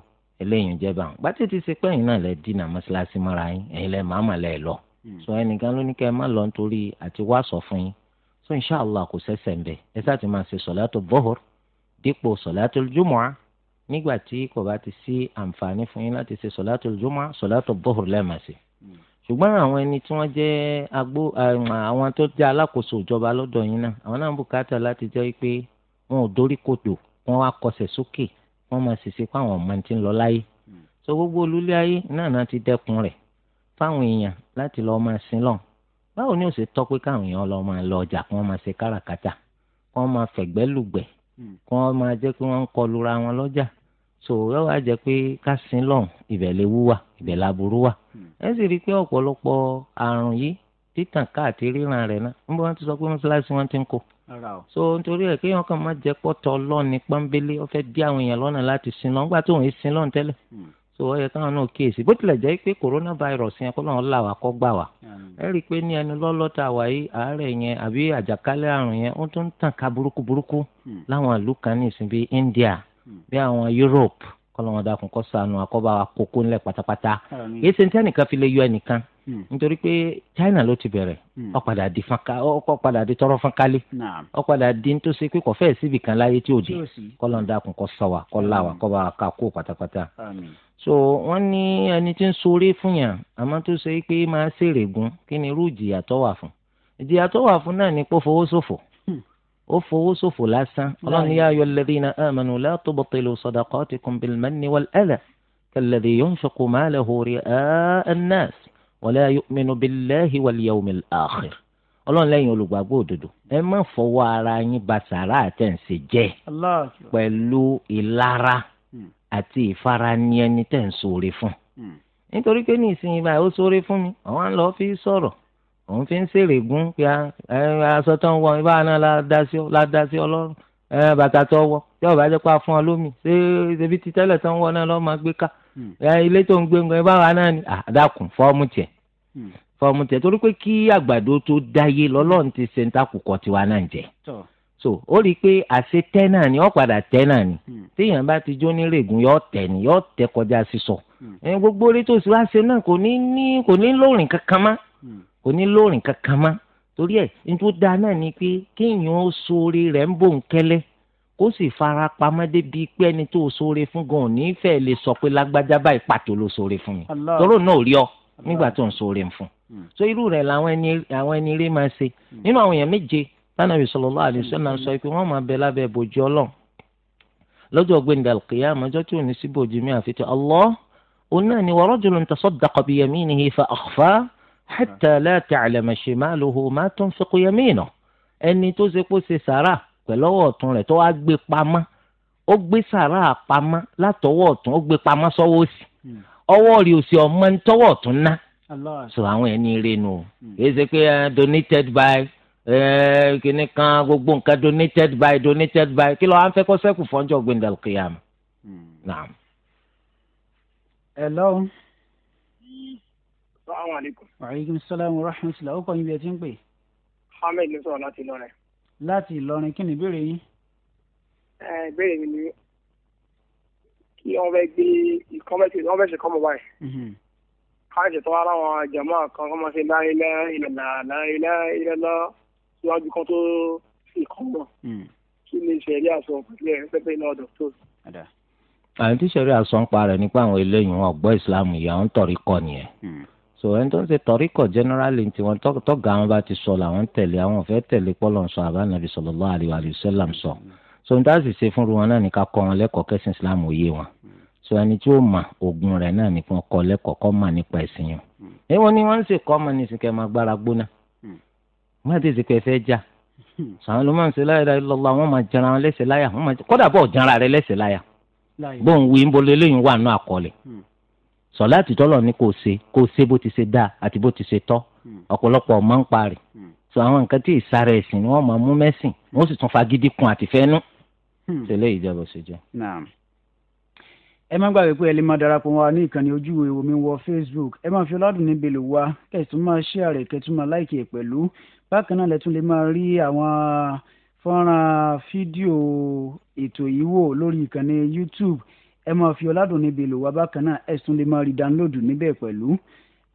eléyìí ń jẹba àwọn gbàtí ti ṣe pé ẹ̀yin náà lẹ dínà mọ́ṣáláṣí mọ́ra yín ẹ̀yin lẹ màmá lẹ lọ hmm. so ẹnìkan ló ní kẹ́ ẹ má lọ nítorí àti wá sọ fún yín so inshàlá kò sẹ́sẹ̀ ń bẹ ẹ sáà ti máa ṣe sọ̀látò bọ́hùr dípò sọ̀látò jùmọ̀á nígbà tí kò bá ti sí àǹfààní fún yín láti ṣe sọ̀látò jùmọ̀á sọ̀látò bọ́hùr lẹ́ẹ̀mẹ̀sì hmm. ṣùgbọ́n àwọn ẹni tí wọ́n jẹ́ agbó àwọn tó jẹ́ alákòóso ìjọba lọ́dọ̀ yín náà àwọn náà bùkátà láti jẹ́ pé wọn ò dorí kodò wọn wá kọsẹ̀ sókè wọn máa ṣèṣe pé àwọn ọmọ ti ń lọ láyé hmm. so gbogbo olúlé ayé náà náà ti dẹ́kun rẹ̀ fáwọn èèyàn láti lọ́ọ́ máa sin lọ́n báwo ni ó ṣe tọ́ pé káwọn èèyàn lọ́ọ́ máa lọ ọjà kí wọ́n máa ṣe káràkátà kí wọ́n máa fẹ̀gbẹ́ lùgbẹ̀ hmm. kí wọ́n máa jẹ́ pé wọ́n ń kọlura wọn lọ́jà so yóò wá jẹ́ pé ká sin lọ́n ibẹ̀ léwu wà ibẹ̀ láburú wà hmm. ẹ sì rí i pé ọ̀pọ̀lọpọ̀ àrùn yìí títàn káàtì ríran rẹ̀ náà níbo wọ́n ti sọ pé mọ́ṣáláṣí wọn ti ń kó so nítorí ẹ kéèyàn kàn má jẹ pọtọ ọlọ́ọ̀ni pọ́nbélé ó fẹ́ dí àwọn èèyàn lọ́nà láti sin lọ́n gbà tó ń sin lọ́n tẹ́lẹ̀ hmm. so ó yẹ káwọn náà kíyèsí bó tilẹ̀ jẹ́ pé coronavirus yẹn kó lọ́n là wá kọ́ gbà wá hmm. ẹ rí i pé ní ẹni lọ́lọ́ta wà yìí àárẹ̀ yẹn àbí àjàkálẹ̀ àrùn yẹn ó tún tàn ká burúkú burúkú hmm. láwọn ìlú kan ní ìsìn bíi India bí àwọn Europe kọ́ lọ́wọ́n dákun kọ́ sànù àkọ́bá wa kókó ńlẹ̀ pátápátá yìí ṣe ń tẹ́nìkan Hmm. nítorí pé China ló ti bẹ̀rẹ̀ hmm. ó padà di fanka ó padà di tọrọ fankálé ó padà di ní tó ṣe pé kò síbi kan láyé tí ò dé kọ́lọ́n dákun kọ́ sọ wa kọ́ là wa hmm. kọ́ bá ká kó pátápátá. so wọ́n ní ẹni tí ń sọrí fún yàn àmọ́ tó ṣe pé máa ṣèrè gun kí ni irú ìjìyà tó wà fún ìjìyà tó wà fún náà ni pé ó fowó ṣòfò ó fowó ṣòfò lásán ọlọ́run yá ayọ̀ alladhina amanu la tubtilu sadaqatikum bil manni wal adha kalladhi yunfiqu malahu ri'a an wala yu'minu billahi wal yawmil akhir ọlọ́run lẹ́yìn olùgbàgbọ́ òdodo ẹ má fọwọ́ ara yín ba sàrà àtẹ̀sí jẹ́ pẹ̀lú ìlara hmm. àti ìfarani ẹni tẹ̀ ń ṣoore fún hmm. nítorí pé ní ìsinyìí báyìí ó ṣoore fún mi àwọn àlọ́ fi sọ̀rọ̀ òun fi ń ṣèrè gún pé aṣọ tó ń wọ ibà náà ládá sí ọlọ́run bàtà tó wọ tí ọba jẹ́ pa fún ọ lómi ṣé ibi tí tó ń wọ náà lọ́ọ́ máa gbé ká hmm. ilé tó ń gbé ń gbé báwa náà ni àdàkùn fọ́ọ̀mù tiẹ̀ Hmm. fọmù tẹ torí pé kí àgbàdo tó dáyé lọ́lọ́run ti ṣe ń takùkọ tiwa náà jẹ so ó rí i pé àṣe tẹ́ náà ni ó padà tẹ́ náà ni hmm. téèyàn bá ti jó nírègùn yóò tẹ̀ ni yóò tẹ́ kọjá sísọ hmm. ẹ̀yin gbogbo orí tó sì wá ṣe náà kò ní ní kò ní lóòrìn kankan má kò ní lóòrìn kankan má torí ẹ̀ ní tó dáa náà ni pé kéèyàn ó sóore rẹ̀ ń bò ń kẹ́lẹ́ kó sì fara pamọ́ débi pé ẹni tó sóore fún gan-an nífẹ̀ẹ́ lè sọ pé lágbájá báyìí pàtó ló sóore fún mi tọ́rọ̀ náà rí ọ nígbà tó ń sóore ń fún so irú rẹ̀ làwọn ẹni àwọn ẹni rí máa ṣe nínú àwọn èèyàn méje tánàbí sallallahu alaihi wasallam sọ pé wọ́n máa bẹ lábẹ́ bòjú Ọlọ́run lọ́jọ́ gbẹndàl qiyamah àmọjọ tí ò ní sí bòjú mi àfi ti Allah òun náà ni wa rajulun tasaddaqa bi yaminihi fa akhfa hatta la ta'lama shimaluhu ma tunfiqu yaminuhu ẹni tó ṣe kó ṣe sàrà pẹ̀lọ́wọ́ ọ̀tún rẹ̀ tó wá gbé pamọ́ ó gbé sàrà pamọ́ látọwọ́ ọ̀tún ó gbé pamọ́ sọ́wọ́ ọwọ́ rí òsì ọmọ ń tọwọ́ tún ná so àwọn ẹni renu hmm. kìí ṣe pé eh, donated by eh, kìnnì kan gbogbo nǹkan donated by donated by kí ló wá ń fẹ́ kó sẹ́kù fọ́njọ́ gbẹ̀ndàlùkìyàm. Hmm. hello. salaamaleykum. aleykum salaam wa rahmatulah ó kọ́ yín bí ẹ ti ń pè. Ahmed ló sọ̀rọ̀ láti Ìlọrin. láti Ìlọrin kí ni ìbéèrè yín. Eh, ìbéèrè mi ni tí wọ́n fẹ́ gbé ìkọ́mẹ́sì wọ́n fẹ́ ṣe kọ́mọ báyìí. Mm-hmm. káàṣì tó ara wọn jàmọ́ kan kọ́mọ sí láìlẹ́ ìlànà láìlẹ́ ìlànà síwájú kan tó sì kọ́mọ. Mm. kí ni ìṣẹ̀lẹ̀ àṣọ pẹ̀lú ẹ̀ pẹ́pẹ́ iná dọ̀tò. àwọn tí ìṣẹ̀lẹ̀ àṣọ ń pa rẹ̀ nípa àwọn eléyìí wọn gbọ́ ìsìlámù yìí àwọn tọ̀rí kọ nìyẹn mm. so ẹni tó ń ṣe tọríkọ generally ti wọn tọgà wọn bá ti sọ làwọn tẹ̀lé àwọn ò fẹ́ tẹ̀lé pọlọ sọ àbánabi sallallahu alaihi wa sallam so n táà sì ṣe fún wọn náà ní ká kọ́ wọn lẹ́kọ̀ọ́ kẹ́sìn islam òye wọn so ẹni tí ó mà ogun rẹ̀ náà ní kan kọ́ lẹ́kọ̀ọ́ kọ́ mà nípa ẹ̀sìn yẹn èèwọ̀ hmm. ni wọ́n ń ṣe kọ́ ọmọ nísìnyí kẹ́ máa gbára gbóná wọ́n hmm. ti sèpè fẹ́ já hmm. sàwọn ló máa ń ṣe la ilaha illallah wọ́n máa jẹra wọn lẹ́sẹ̀ láyà wọ́n máa kọ́dà bọ̀ jẹra rẹ lẹ́sẹ̀ láyà bóun wí ń bolé lẹ́yìn wà nù àkọọ́lẹ̀ sọlá àtijọ́lọ̀ ni kò ṣe kò ṣe bó ti ṣe dá àti bó ti ṣe tọ́ ọ̀pọ̀lọpọ̀ máa ń parí so àwọn nǹkan tí ìsàrẹ̀ ẹ̀sìn ni wọ́n máa mú mẹ́sìn wọ́n sì tún fagídí kun àtìfẹ́nu tẹ̀lé ìjábọ̀ ṣèjọ. ẹ má gbàgbé pé ẹ lè máa darapọ̀ wa ní ìkànnì ojú ìwé wọ facebook ẹ máa fi ọlọ́dún níbi lò wá kẹ̀tún máa share kẹ̀tún máa like pẹ̀lú bákan náà lẹ́tún lè máa rí àwọn fọ́nrán fídíò ètò yìí lórí ìkànnì youtube ẹ máa fi ọlọ́dún níbi lò wá bákan náà ẹ tún lè máa rí download níbẹ̀ pẹ̀lú.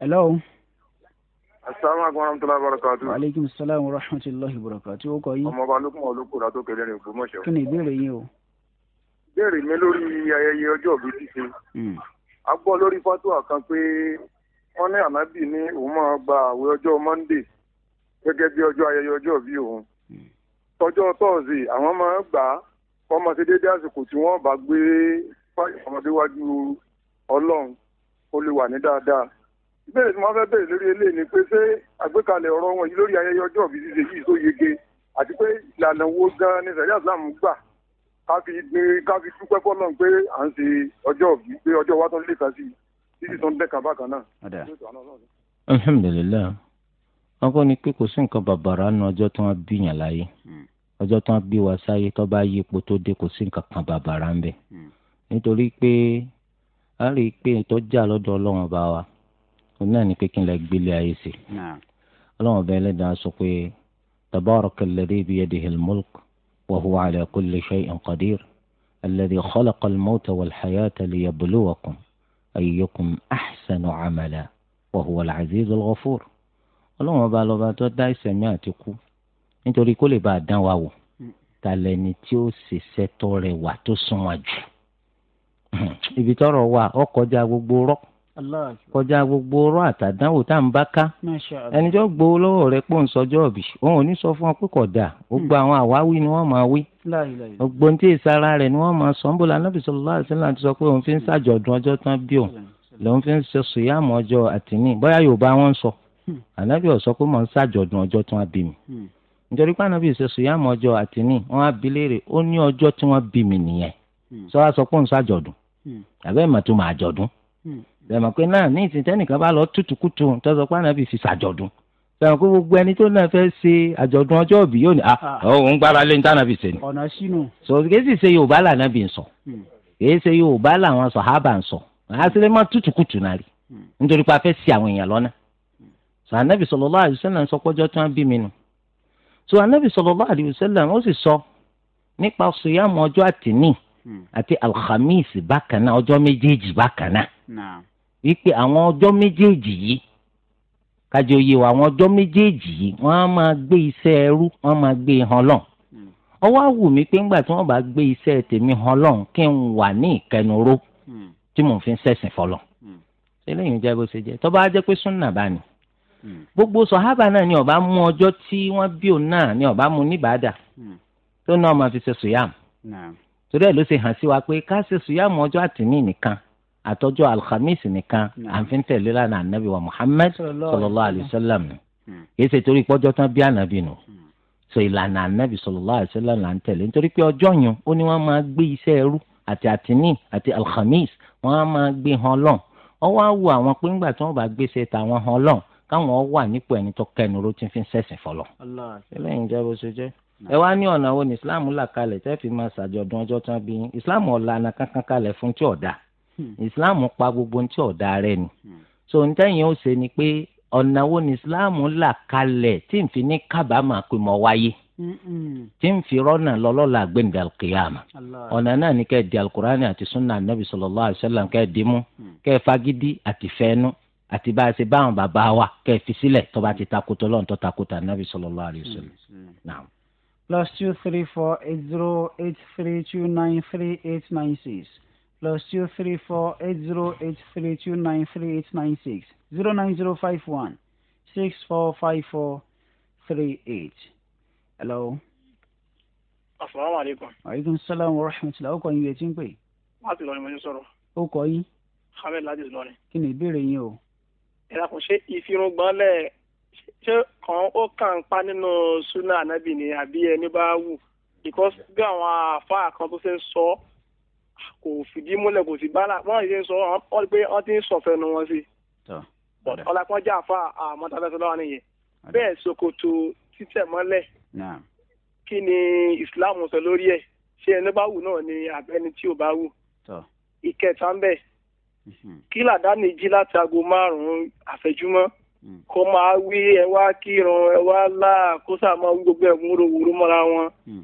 hello asalaamualeykum wa rahmatulahi wa barakatu. wa aleykum salaam wa rahmatulahi wa barakatu. o kọ yín. ọmọba lókun olóko la tó kẹlẹ ní Ògbómọ̀ṣọ́. kí ni ìbéèrè yín o. ìbéèrè mi lórí ayẹyẹ ọjọ́ òbí ṣíṣe. Hmm. a gbọ́ lórí fatuwa kan pé wọ́n ní ànábì ní òun máa gba àwẹ̀ ọjọ́ Monday gẹ́gẹ́ bí ọjọ́ ayẹyẹ ọjọ́ òbí òun. tọjọ́ hmm. tọ́ọ̀sì àwọn máa gbà á wọ́n máa ṣe déédéé àsìkò tí wọ́n bá gbé fáyọ̀ ọmọdéwájú ọlọ́run ó lè wà ní dáadáa ìbéèrè tí wọ́n fẹ́ bẹ̀rẹ̀ lórí eléyìí ni pé ṣé àgbékalẹ̀ ọ̀rọ̀ wọn yìí lórí ayẹyẹ ọjọ́ òbí ṣíṣe yìí tó yege àti pé ìlànà wo gan ni sẹ̀rí àsìlámù gbà ká fi ká fi dúpẹ́ fọ́lọ́ pé à ń ṣe ọjọ́ òbí pé ọjọ́ wa tó lè kà sí títí tó ń dẹ́ka bákan náà. alhamdulilayi wọn kọ́ ni pé kò sí nǹkan bàbàrà nu ọjọ́ tí wọ́n bí yàn láyé hmm. ọjọ́ tí wọ́n bí wa sáyé tó bá yí ipò tó dé kò sí nǹkan bàbàrà ń bẹ hmm. nítorí pé a rí i pé ìtọ́jà lọ́dọ̀ ọlọ́run bá wa òun náà ní pé kí n lè gbélé ayé sí. ọlọ́run ọba ẹlẹ́dàá sọ pé tabaraka alladhi biyadihi almulk wa huwa ala kulli shay'in qadir alladhi khalaqa almawta walhayata liyabluwakum ayyukum ahsanu amala wa huwa alaziz alghafur. ọlọ́run ọba lọ́ba tó dá ìṣẹ̀mí àti kú nítorí kó lè bá a dán wa wò talẹni tí ó ṣiṣẹ́ tó rẹwà tó sunwọ̀n jù [clears throat] ibi tọ́rọ̀ wà ọkọjá gbogbo rọ́pù kọjá gbogbo ọ̀rọ̀ àtàdánwò tá à ń bá ká ẹni tó gbowó lọ́wọ́ rẹ̀ pọ̀ ń sọjọ́ ọ̀bì òun ò ní sọ fún ọ pé kò dáa hmm. gbogbo àwọn àwáwí ni wọ́n máa wí gbogbo ní tí ìsara rẹ̀ ni wọ́n máa sọ ń bò lánàá bìsọ lọ́wọ́ àti sílẹ̀ àti sọ pé òun fi ń ṣàjọ̀dún ọjọ́ tán bí òun lòun fi ń ṣe sùyàmù ọjọ́ àtìní bóyá Yorùbá wọn ń sọ hmm. ànábì ò pé mò ń ṣàjọ̀dún ọjọ́ tán bí mi hmm. nítorí pé ànábì ṣe sùyàmù ọjọ́ àtìní wọn dẹ̀mọ̀ hmm. pé náà ní ìsìntẹ́nìkan bá lọ tútùkùtù tọ́sọ pé ànábì fi ṣàjọ̀dún dẹ̀mọ̀ pé gbogbo ẹni tó náà fẹ́ ṣe àjọ̀dún ọjọ́ òbí yóò ní òun ah, ah. gbára lé ní tànàbì ṣe ni. ọ̀nà sínú. sọ kéésì ṣe yorùbá lànàbì ń sọ hmm. kéésì yorùbá làwọn sàhábà ń sọ àṣìlẹ̀ máa tútùkùtù náà rí hmm. nítorí pé a fẹ́ ṣì àwọn èèyàn lọ́nà. sọ ànábì sallallahu alaihi wasallam sọ pọ́jọ́ tí wọ́n bí mi nù. sọ ànábì sallallahu alaihi wasallam ó sì sọ nípa sùyàmù ọjọ́ àtìní àti alhamis bákan náà ọjọ́ méjèèjì bákan náà wípé àwọn ọjọ́ méjèèjì yìí kájọ yé wa àwọn ọjọ́ méjèèjì yìí wọ́n á máa gbé iṣẹ́ ẹrú wọ́n á máa gbé e hàn lọ́n ọwọ́ á wù mí pé ńgbà tí wọ́n bá gbé iṣẹ́ tèmi hàn lọ́n kí n wà ní ìkẹnuró hmm. tí mò ń fi ṣẹ̀sìn fọlọ́ hmm. eléyìí jẹ́ bó ṣe jẹ́ tó bá jẹ́ pé súnà bá ní hmm. gbogbo sọ̀hábà náà ni ọba mú ọjọ́ tí wọ́n bí òun náà ni ọba mú níbàdà tó náà máa fi ṣe sùyàmù torí ẹ̀ ló ṣe hàn sí wa pé ká ṣe sùyàmù ọjọ́ àtìní nìkan àtọ́jọ́ alhamis nìkan àfihàn lẹ́la anabi wa muhammed sallallahu alayhi wa sallam hmm. kìí ṣe torí pọ́jọ́ tán bí anabi nù hmm. so ìlànà anabi sallallahu alayhi wa sallam là ń tẹ̀lé nítorí pé ọjọ́ yẹn ó ní wọ́n máa gbé iṣẹ́ ẹrú àti àtìní àti alhamis wọ́n á máa gbé hàn lọ́n ọ wá wo àwọn pé ńgbà tí wọ́n bá gbé ṣe tàwọn hàn lọ́n káwọn wà nípò ẹni tó kẹnu ló ti fi ń ṣẹ̀sìn fọlọ́. ẹ wá ní ọ̀nà wo ni islam là kalẹ̀ tẹ́ fi máa ṣàjọ̀dún ọjọ́ tán bí islam ọ̀làna kankan kalẹ̀ fún tí ọ̀dà Hmm. islam pa gbogbo ní tí ọ̀dà rẹ̀ ni hmm. so ní tẹ́yìn ó ṣe ni pé ọ̀nà wo ni islam là kalẹ̀ tí n fi ní kábàámà pé mo wáyé hmm. tí n fi rọ́nà lọ́lọ́la gbẹ̀ǹdà kìyàmà ọ̀nà náà ni kẹ́ di alukurani àti sunna anabi sallallahu alaihi wasallam kẹ́ di mú kẹ́ fagidi àti fẹ́nu àti bá a ṣe báwọn bàbá wa kẹ́ fi sílẹ̀ tó bá ti takoto lọ́n tó takoto anabi sallallahu alaihi wasallam naam. plus two three four eight zero eight three two nine three eight nine six plus two three four eight zero eight three two nine three eight nine six zero nine zero five one six four five four three eight. hello. asalaamualeykum. aleykum salaam wa rahmatulah ọkọ yín yẹn ti ń pè. wọ́n ti lọ ni mo ní sọ̀rọ̀. ó kọ yín. hamid ladis lọ ni. kí ni ìbéèrè o. ìlà kò ṣe ìfirógbọ́nlẹ̀ ṣé kan ó kàn pa nínú súnà ànábì ni àbí ẹni bá wù because bí àwọn àfa kan tó ṣe ń sọ ọ́ kò fìdí múlẹ̀ kò sì bára wọ́n ṣe ń sọ ọ́ pé ọ́ ti ń sọ̀fẹ́ nu wọn sí i ọ̀làpọ̀ jà fa àmọ́tàfẹ́sọ lọ́wọ́ nìyẹn bẹ́ẹ̀ ṣòkòtò títẹ̀ mọ́lẹ̀ kí ni Islam sọ lórí ẹ̀ ṣé ẹni bá wù náà ni àbẹ́ni tí ò bá wù ìkẹta ń bẹ hmm. kí làdáni jí láti aago márùn-ún àfẹjúmọ́ hmm. kó máa wí ẹ wá kírun ẹ wá láà kó sáà máa wí gbogbo ẹ̀ wúrowúro mọ́ra wọn hmm.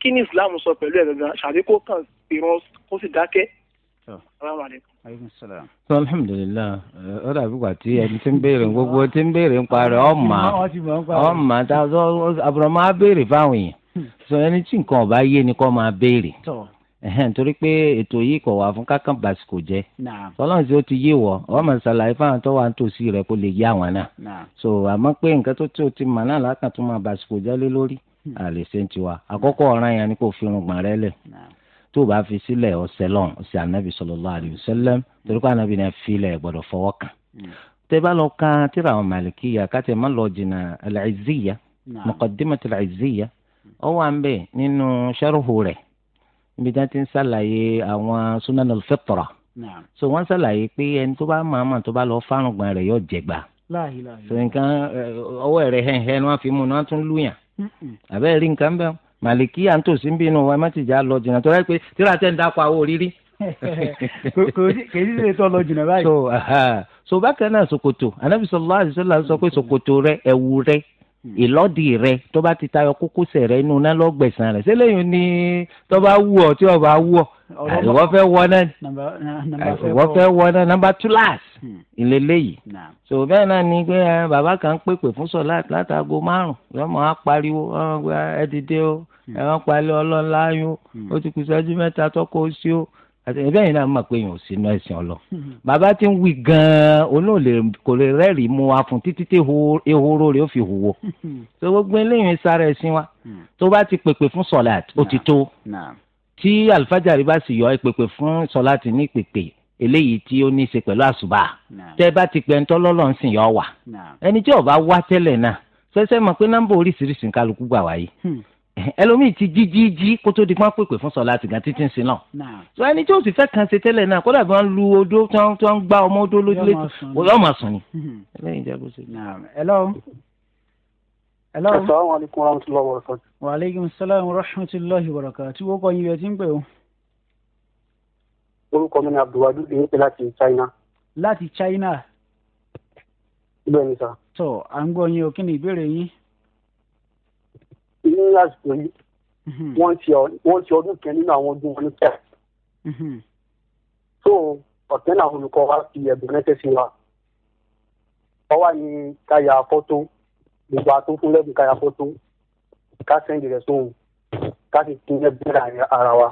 kí ni Islam sọ pẹ̀lú ẹ̀ gangan ṣàbí kó kàn ìran kó sì dákẹ́. sọ alhamdulilayi ọ dàbí gbà tí ẹni tí ń béèrè gbogbo tí ń béèrè ń parí ọmọ ọmọ tá àbúrò máa béèrè fáwọn èèyàn sọ ẹni tí nǹkan ọba yé ni kò máa béèrè torí pé ètò yìí kò wà fún kákan bàsìkò jẹ Ọlọ́run tí ó ti yé wọ ọ máa ṣàlàyé fáwọn tó wà nítòsí rẹ kó lè yé àwọn náà so àmọ́ pé nǹkan tó tí o ti mọ̀ náà lákàtúntò máa bàsìkò jẹ lórí hmm. àlè ṣe ń tiwa àkọ́kọ́ ọ̀ràn yẹn ni kò fi irùngbọ̀n rẹ lẹ̀ tó o bá fi sílẹ̀ ọ̀sẹ̀ lọ́n ọ̀sẹ̀ anabi sallallahu alayhi wa sallam torí pé anabi náà filẹ̀ gbọ́dọ̀ fọwọ́ kàn. Hmm. tẹ́ bá lọ kan tíra àwọn màlìkíyà káti má lọ jìnnà al-Izziyya muqaddimat al-Izziyya ó wà ń bẹ nínú sharhu rẹ̀ níbi tí wọ́n ti ń sàlàyé àwọn sunan al-fitra so wọ́n sàlàyé pé ẹni tó bá màmá tó bá lọ fárùngbọ̀n rẹ̀ yóò jẹ̀gbà so nǹkan màlìkí à ń tòsí ń bínú wa má ti jà lọ jìnnà tó rẹ pé tíra tẹ́ ń dákọ̀ àwọ̀ rírí. kò sí ṣe lọ jìnnà báyìí. so bákan náà ṣòkòtò anábìsọ̀lá àṣìṣe là ń sọ pé ṣòkòtò rẹ ẹ̀wù rẹ ìlọ́dì rẹ tó bá ti tayọ kókósẹ̀ rẹ inú náà lọ́gbẹ̀sán rẹ sẹ́lẹ̀yìn ni tó bá wù ọ́ tí ọba wù ọ́ ìwọ fẹ́ wọ náà uh, ìwọ fẹ́ wọ náà nàmbà túláàsì hmm. ìlélẹ́yìí so bẹ́ẹ̀ náà ni pé eh, bàbá kan pèpè fún sọ látago márùn lọ́mọ á pariwo ẹ dìde o ẹ hmm. wọ́n pariwo ọlọ́láyún hmm. ó ti kù sẹ́jú mẹ́ta tọ́kọ sí o ẹbẹ yìí náà mọ̀ pé èèyàn ò sí inú ẹ̀sìn ọlọ [laughs] hmm. bàbá tí ń wí gan-an òun kò lè rẹ́rìí mu wa fún títí tí ehoro rẹ̀ ó fi hùwò tó hmm. gbogbo eléyìí sára ẹ̀sìn wa hmm. tó bá ti pèpè fún sọ̀láàt ó ti tó tí alifájàrí bá sì yọ ẹ pèpè fún sọ̀láàt ní pèpè eléyìí tí ó ní í ṣe pẹ̀lú àṣùbà tẹ́ bá ti pẹ́ ńtọ́ lọ́lọ́ ń sìn yọ wà ẹni tí ó wá tẹ́lẹ̀ náà ṣẹ̀ṣẹ̀ mọ̀ pé nọ́mbà oríṣiríṣi kálukú gbà wáyé [laughs] ẹlòmíì ti jí jí jí kó tó di pọ́n pèpè fún sọ̀lá àtìgá títí ń sin náà. so ẹni tí ó sì fẹ́ kan ṣe tẹ́lẹ̀ náà kódà bí wọ́n lu odó tí wọ́n ń gbá ọmọ odó lójú létí kò yọ ọmọ sùn ni. Hmm. ẹlẹ́yin jẹ́ bó ṣe. hello. hello. assalamu alaikum warahmatullahi wabarakatuh. wa aleykum salaam wa rahmatullahi wa barakatuh. tí wọ́n kọ́ yín yẹn ti ń pè o. orúkọ mi ni abdulwadu èyí pé láti China. China. bẹ́ẹ̀ ni sá. tó à o kí ni ìbéèrè ní àsìkò yìí mm-hmm. wọ́n ti ọdún kan nínú àwọn ọdún wọn ní pẹ́. Mm-hmm. so ọ̀tẹ́ náà olùkọ́ wa fi ẹ̀bùn rẹ́tẹ̀ sí wa ọwọ́ ni ká ya fọ́tò gbogbo àtó fún lẹ́bùn ká ya fọ́tò ká sẹ́ńdì rẹ̀ sóhun ká sì tún ẹ̀bùn ara wa.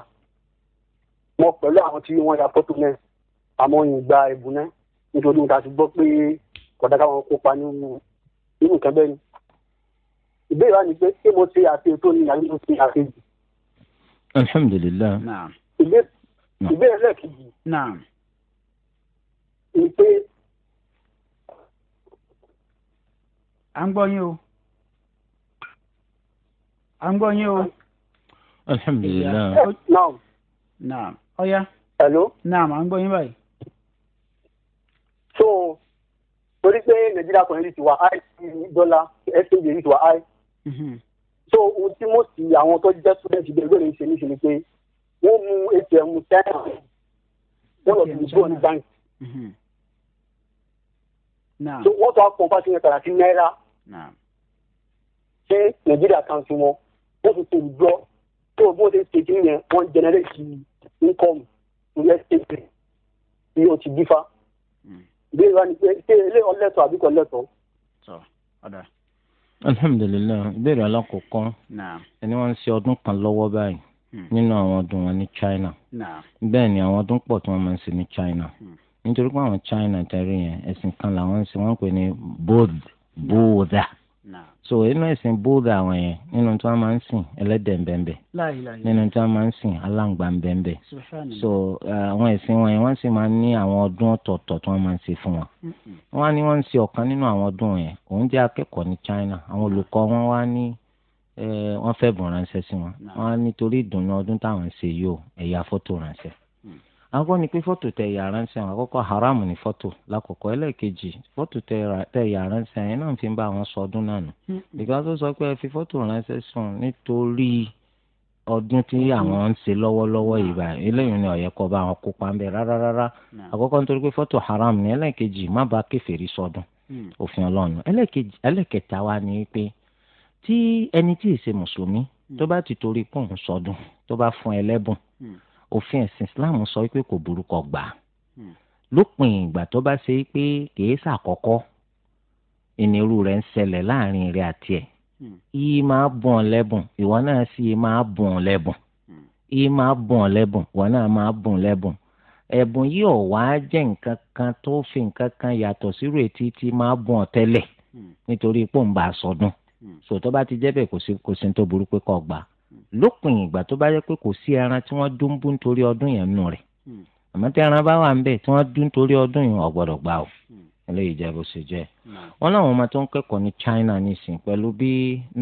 mo pẹ̀lú àwọn tí wọ́n ya fọ́tò náà àmọ́ ìgbà ẹ̀bùn náà nítorí mo ta ti gbọ́ pé kọ̀dá káwọn kópa nínú nǹkan bẹ́ẹ̀ ni ìbéèrè wa ni pé ṣé mo ṣe àṣeyọ tó ní àbí mo ṣe àṣeyọ. alhamdulilayi. ìbéèrè lẹ́ẹ̀kejì. ni pé. à ń gbọ́ yín o à ń gbọ́ yín o. alhamdulilayi. Eh, naam. naam ọ̀ya. hello. naam à ń gbọ́ yín báyìí. so torí pé nàìjíríà kan yìí ti wà high dọ́là exchange yìí ti wà high. Mm-hmm. so ohun tí mo sì àwọn tó jẹ́ student bẹ́ẹ̀ lónìí ṣe níṣe ni pé wọ́n mú atm china wọ́n lọ sí ìṣúná ní bank mm-hmm. so wọ́n tó akọ̀ bá ti yẹn tàrà sí náírà ṣé nàìjíríà kan sí wọn wọ́n fi tòun gbọ́ tó o bó ṣe ṣe kí yẹn wọ́n generate income ní estate ní o ti dífá. Mm. ìbéèrè wa ni pé ṣé ilé ọlẹ́tọ̀ àbí kò lẹ́tọ̀. sọ ọ̀dà alhamdulilayi ìbéèrè alákọ̀ọ́kọ́ ẹni wọ́n ń ṣe ọdún kan lọ́wọ́ báyìí hmm. nínú àwọn ọdún wọn ní China bẹ́ẹ̀ ni àwọn ọdún pọ̀ tí wọ́n máa ń ṣe ní China hmm. nítorí pé àwọn China tẹ̀rí yẹn ẹ̀sìn kan làwọn ń ṣe wọ́n ń pè ní Buddha so inú ẹ̀sìn bóòdù àwọn yẹn nínú tí wọ́n máa ń sìn ẹlẹ́dẹ̀ ńbẹ́ńbẹ́ nínú tí wọ́n máa ń sìn aláǹgbá ńbẹ́ńbẹ́ so àwọn ẹ̀sìn wọn yẹn wọ́n sì máa ń ní àwọn ọdún ọ̀tọ̀ọ̀tọ̀ tí wọ́n máa ń ṣe fún wọn wọ́n á ní wọ́n ń ṣe ọ̀kan nínú àwọn ọdún yẹn òun jẹ́ akẹ́kọ̀ọ́ ní China àwọn olùkọ́ wọn wá ní wọ́n fẹ́ bùn ránṣẹ́ sí wọn wọ́n á nítorí ìdùnnú ọdún táwọn ń ṣe yìí o ẹ̀yà fọ́tò ránṣẹ́ àkọ́kọ́ ni pé fọ́tò tẹ ìyá ránṣẹ́ àwọn àkọ́kọ́ haram ni fọ́tò lákọ̀ọ́kọ́ ẹlẹ́ẹ̀kejì fọ́tò tẹ ìyá ránṣẹ́ àyẹn náà fi ń bá àwọn sọ ọdún náà nù. ìgbà tó sọ pé ẹ fi fọ́tò ránṣẹ́ sùn nítorí ọdún tí àwọn ń ṣe lọ́wọ́lọ́wọ́ ìgbà eléyìí ni ọ̀yẹ́ bá wọn kópa ńbẹ rárá rárá àkọ́kọ́ nítorí pé fọ́tò haram ni ẹlẹ́ẹ̀kejì má bàa kèfèrí sọdún mm. òfin ọlọ́run ẹlẹ́ẹ̀kẹta wa ni pé tí ẹni tí ì ṣe mùsùlùmí mm. tó bá ti torí pọ̀ ń sọdún tó bá fún ẹlẹ́bùn òfin ẹ̀sìn islam sọ pé kò burúkọ gbà hmm. lópin ìgbà tó bá ṣe pé kìí ṣàkọ́kọ́ ìnirú rẹ̀ ń ṣẹlẹ̀ láàrin rẹ̀ àti ẹ̀ hmm. yìí máa bùn ọ́ lẹ́bùn ìwọ náà sì máa bùn ọ́ lẹ́bùn hmm. yìí máa bùn ọ́ lẹ́bùn ìwọ náà máa bùn ọ́ lẹ́bùn ẹ̀bùn yìí ò wá jẹ́ nǹkan kan tó fi nǹkan kan yàtọ̀ sírò etí tí máa bùn ọ́ tẹ́lẹ̀ nítorí pòǹbà sọdún sòtọ́ bá ti jẹ́ bẹ́ẹ̀ kò sí kò sí ní tó burú pé kọ́ gbà á lópin ìgbà tó bá yẹ pé kò sí ẹran tí wọ́n dún bú nítorí ọdún yẹn nù rẹ̀ hmm. àmọ́ tí ẹran bá wà ń bẹ̀ tí wọ́n dún nítorí ọdún yẹn ọ̀gbọ́dọ̀ gbà o hmm. eléyìí jẹ́ bó ṣe jẹ́ hmm. wọn láwọn ọmọ tó ń kẹ́kọ̀ọ́ ní China nísìn pẹ̀lú bí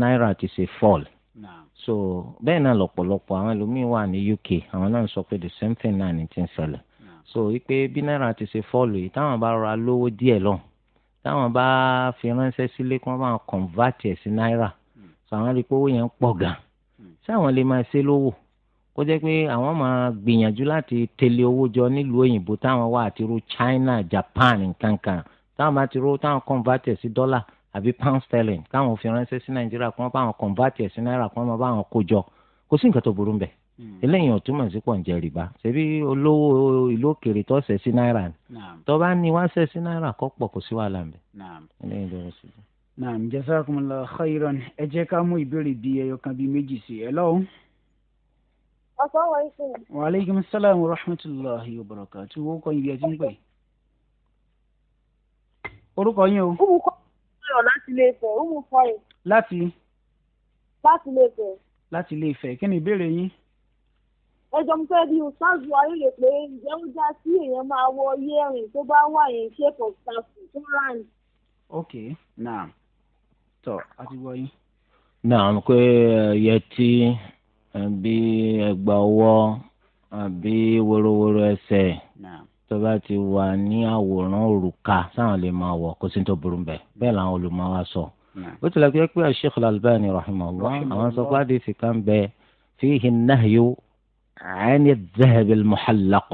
náírà ti ṣe fall so bẹ́ẹ̀ náà lọ́pọ̀lọpọ̀ àwọn ẹlòmíín wà ní UK àwọn náà sọ pé the same thing náà ni ti ń ṣẹlẹ̀ so wípé bí náírà ti ṣe fall yìí táwọn bá ra lówó díẹ̀ lọ táwọn bá fi ránṣẹ́ sílé kí wọ́n bá convert ẹ̀ sí náírà so àwọn àdìpọ̀ owó yẹn pọ̀ gan sáwọn lè máa ṣe lówó kó jẹ́ pé àwọn máa gbìyànjú láti tẹ̀lé owó jọ nílùú òyìnbó táwọn wà àti ro China Japan nkankan táwọn bá ti ro táwọn convert sí dọ́là àbí pound sterling káwọn fi ránṣẹ́ sí Nàìjíríà kí wọ́n bá wọn convert sí náírà kí wọ́n máa bá wọn kó jọ kò sí nǹkan tó burú bẹ́ẹ̀ hmm. eléyìí ò túmọ̀ sí pọ̀njẹ́ rìbá ṣebí olówó ìlú òkèèrè tó ṣẹ̀ sí náírà tó bá ní wá ṣẹ̀ sí náírà kọ́ pọ̀ kò sí wàhálà ń bẹ̀ naam jazakumullahu khairan ẹ jẹ́ ká mú ìbéèrè bíi ẹyọ kan bíi méjì sí ẹ lọ́wọ́. asalaamualeykum. wa aleykum salaam wa rahmatulahi wa barakatu wo kọ́ ibi ẹ ti ń pè. orúkọ yín o. umu kọ́ ọ̀rọ̀ láti ilé Ifẹ̀ umu kọ́ ẹ̀. láti. láti ilé Ifẹ̀. láti ilé Ifẹ̀ kí ni ìbéèrè yín. ẹ jọ mo bí ṣáàzù ayọ̀lẹ̀ pé ǹjẹ́ ó já sí èèyàn máa wọ iye ẹ̀rìn tó bá wà yẹn ṣe for staff to rand. ok naam. Nah tọ àti gbọ́ yín. náà mo pé yẹtí àbí ẹgbà ọwọ́ àbí worowóró ẹsẹ̀ tó bá ti wà ní àwòrán òrùka sáwọn lè máa wọ̀ kó sì tó burú bẹ́ẹ̀ bẹ́ẹ̀ làwọn olùmọ̀ wa sọ. ó tilẹ̀ pé pé Sheikh Al-Albani rahimahullah àwọn sọ pé àdìsí kan bẹ fihi nahyu ani adh-dhahab al-muhallaq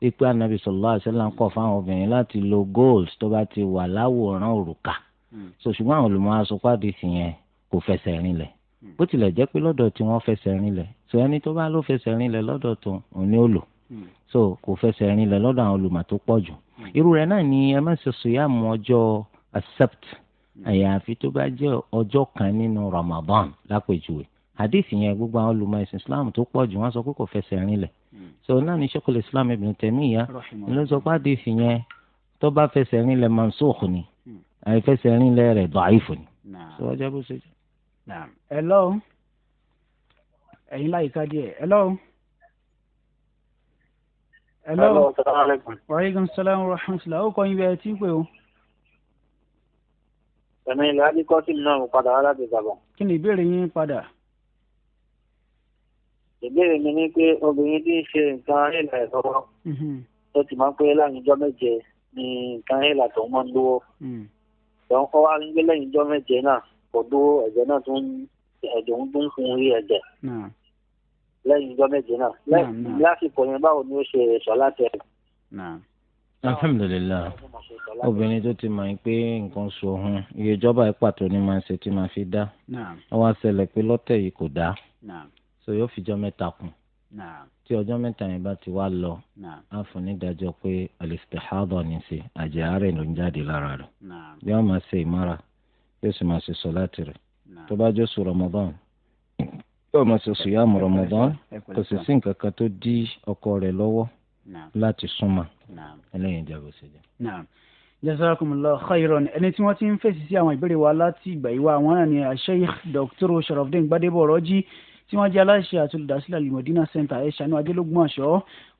pípé anabi sallallahu alaihi wasallam fáwọn obìnrin láti lo gold tó bá ti wà láwòrán òrùka. Hmm. sòṣùgbọ́n àwọn olùmọ̀ asopáàdì sì yẹn kò fẹsẹ̀ rinlẹ̀ hmm. bó tilẹ̀ jẹ́ pé lọ́dọ̀ tí wọ́n fẹsẹ̀ rinlẹ̀ sọ ẹni tó bá ló fẹsẹ̀ rinlẹ̀ lọ́dọ̀ tó òun ni ó lò hmm. so kò fẹsẹ̀ rinlẹ̀ lọ́dọ̀ àwọn olùmọ̀ tó pọ̀ jù irú rẹ̀ náà ni ẹ má ṣe sùyàmù ọjọ́ accept àyàfi tó bá jẹ́ ọjọ́ kan nínú Ramadan lápèjúwe hadith yẹn gbogbo àwọn olùmọ̀ ẹ̀sìn Islam tó pọ̀ jù wọ́n sọ pé kò fẹsẹ̀ rinlẹ̀ so náà ni Sheikhul Islam Ibn Taymiyyah ló sọ pé hadith yẹn tó bá fẹsẹ̀ rinlẹ̀ mansukh ni àìfẹsẹ̀ rinlẹ̀ rẹ̀ dọ̀àìfù ni. sọ ọjọ́ bó ṣe jẹ́. hello ẹ̀yin láyìíká díẹ̀ hello. hello waaleykum salaam wa rahmatulah ó kọ́ yín bí ẹ ti pè o. ẹ̀mí ilẹ̀ adíkọ́sí náà mo padà wá láti Gabon. kí ni ìbéèrè yín padà. ìbéèrè mi ni pé obìnrin tí ń ṣe nǹkan ìlà ẹ̀ lọ́wọ́ mm-hmm. tó ti máa ń pé láàrin ọjọ́ méje ni nǹkan ìlà tó ń mọ́ ń lówó. Mm ẹ̀wọ̀n kọ́ wa ń gbé lẹ́yìn ijọ́ méje náà kò dúró ẹ̀jẹ̀ náà tó ń ẹ̀jẹ̀ ń dún fún orí ẹ̀jẹ̀ lẹ́yìn ijọ́ méje náà lásìkò yẹn báwo ni ó ṣe sọ láti ẹ̀. alhamdulilayi obìnrin tó ti mọ̀ pé nǹkan so hun iye ìjọba ìpàtó ni máa ń ṣe tí máa fi dá wọ́n á ṣẹlẹ̀ pé lọ́tẹ̀ yìí kò dá so yóò fi jọ mẹ́ta kù tí ọjọ́ mẹ́ta yẹn bá ti wá lọ á fún nídàájọ́ pé alistihada ní í ṣe àjẹárẹ̀ ló ń jáde lára rẹ̀ yóò máa ṣe ìmára yóò sì máa ṣe sọláàtì rẹ̀ tó bá jọ́sù Ramadan yóò máa ṣe sùyàmù Ramadan kò sì sí nǹkan kan tó dí ọkọ rẹ̀ lọ́wọ́ láti súnmọ́ ẹlẹ́yin ìjà bó ṣe jẹ́ jazakumullahu khairan ẹni tí wọ́n ti ń fèsì sí àwọn ìbéèrè wa láti ìgbà yìí wá àwọn náà ni Dr. Sharafdin Gbadebo Rọ́jí tí wọ́n jẹ́ aláṣẹ àti olùdásílẹ̀ alimọ̀dínà center ẹ̀ ṣàánú ajẹ́lógún àṣọ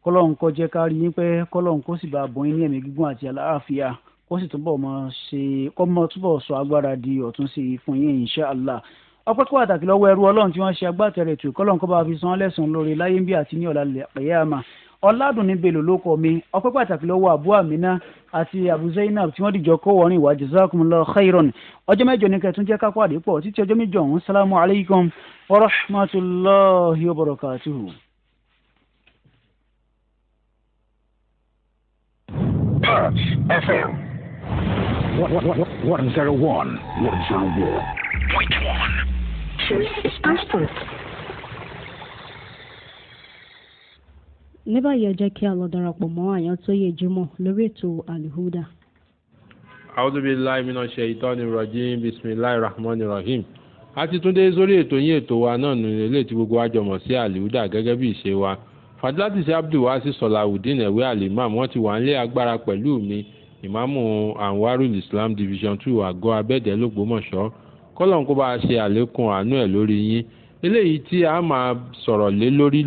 kọ́lọ́n kó jẹ́ ká rí yín pé kọ́lọ́n kó sì bá a bọ̀ yín ní ẹ̀mí gígùn àti àlàáfíà kó sì túbọ̀ mọ̀ ṣe kó mọ̀ túbọ̀ sọ agbára di ọ̀tun sí i fún yín inṣàlá ọpẹ́ kó pàtàkì lọ́wọ́ ẹrú ọlọ́run tí wọ́n ṣe agbátẹrẹ ètò kọ́lọ́n kó bá fi san lẹ́sàn lórí láyé bí àti ní ọ̀la lẹ́yàmà ọ̀làdùnní belò ló kọ́ mi ọpẹ́ pàtàkì lọ́wọ́ àbú àmínà àti àbú zainab tí wọ́n dìjọ kó wọ́n rìn wá jazakumullahu khairan ọjọ́ mẹ́jọ ni kẹtùn jẹ́ kápá àdìpọ̀ títí ọjọ́ mẹ́jọ ọ̀hún sálámù alaykum wa rahmatulahi wa barakatuhu. Parts FM. One, one, Point one. Choose Sparse ní báyìí ẹ jẹ́ kí a lọ darapọ̀ mọ́ Àyántóyè Jímọ̀ lórí ètò Al-Huda. A'udhu billahi minash shaitani rajim bismillahir rahmanir rahim a ti tún dé sórí ètò yín ètò wa náà nù lélẹ̀ tí gbogbo wa jọmọ̀ sí Al-Huda gẹ́gẹ́ bí ìṣe wa Fadilatis Abdul wá sí Sọ̀làwùdín ẹ̀wẹ́ alimam wọ́n ti wà nílé agbára pẹ̀lú mi ìmáàmù Anwarul Islam Division two àgọ́ abẹ́dẹ̀ lógbómọ̀ṣọ́ kọ́lọ́n kó bá a ṣe àlékún àánú ẹ̀ lórí yín eléyìí tí a máa sọ̀rọ̀ lé lórí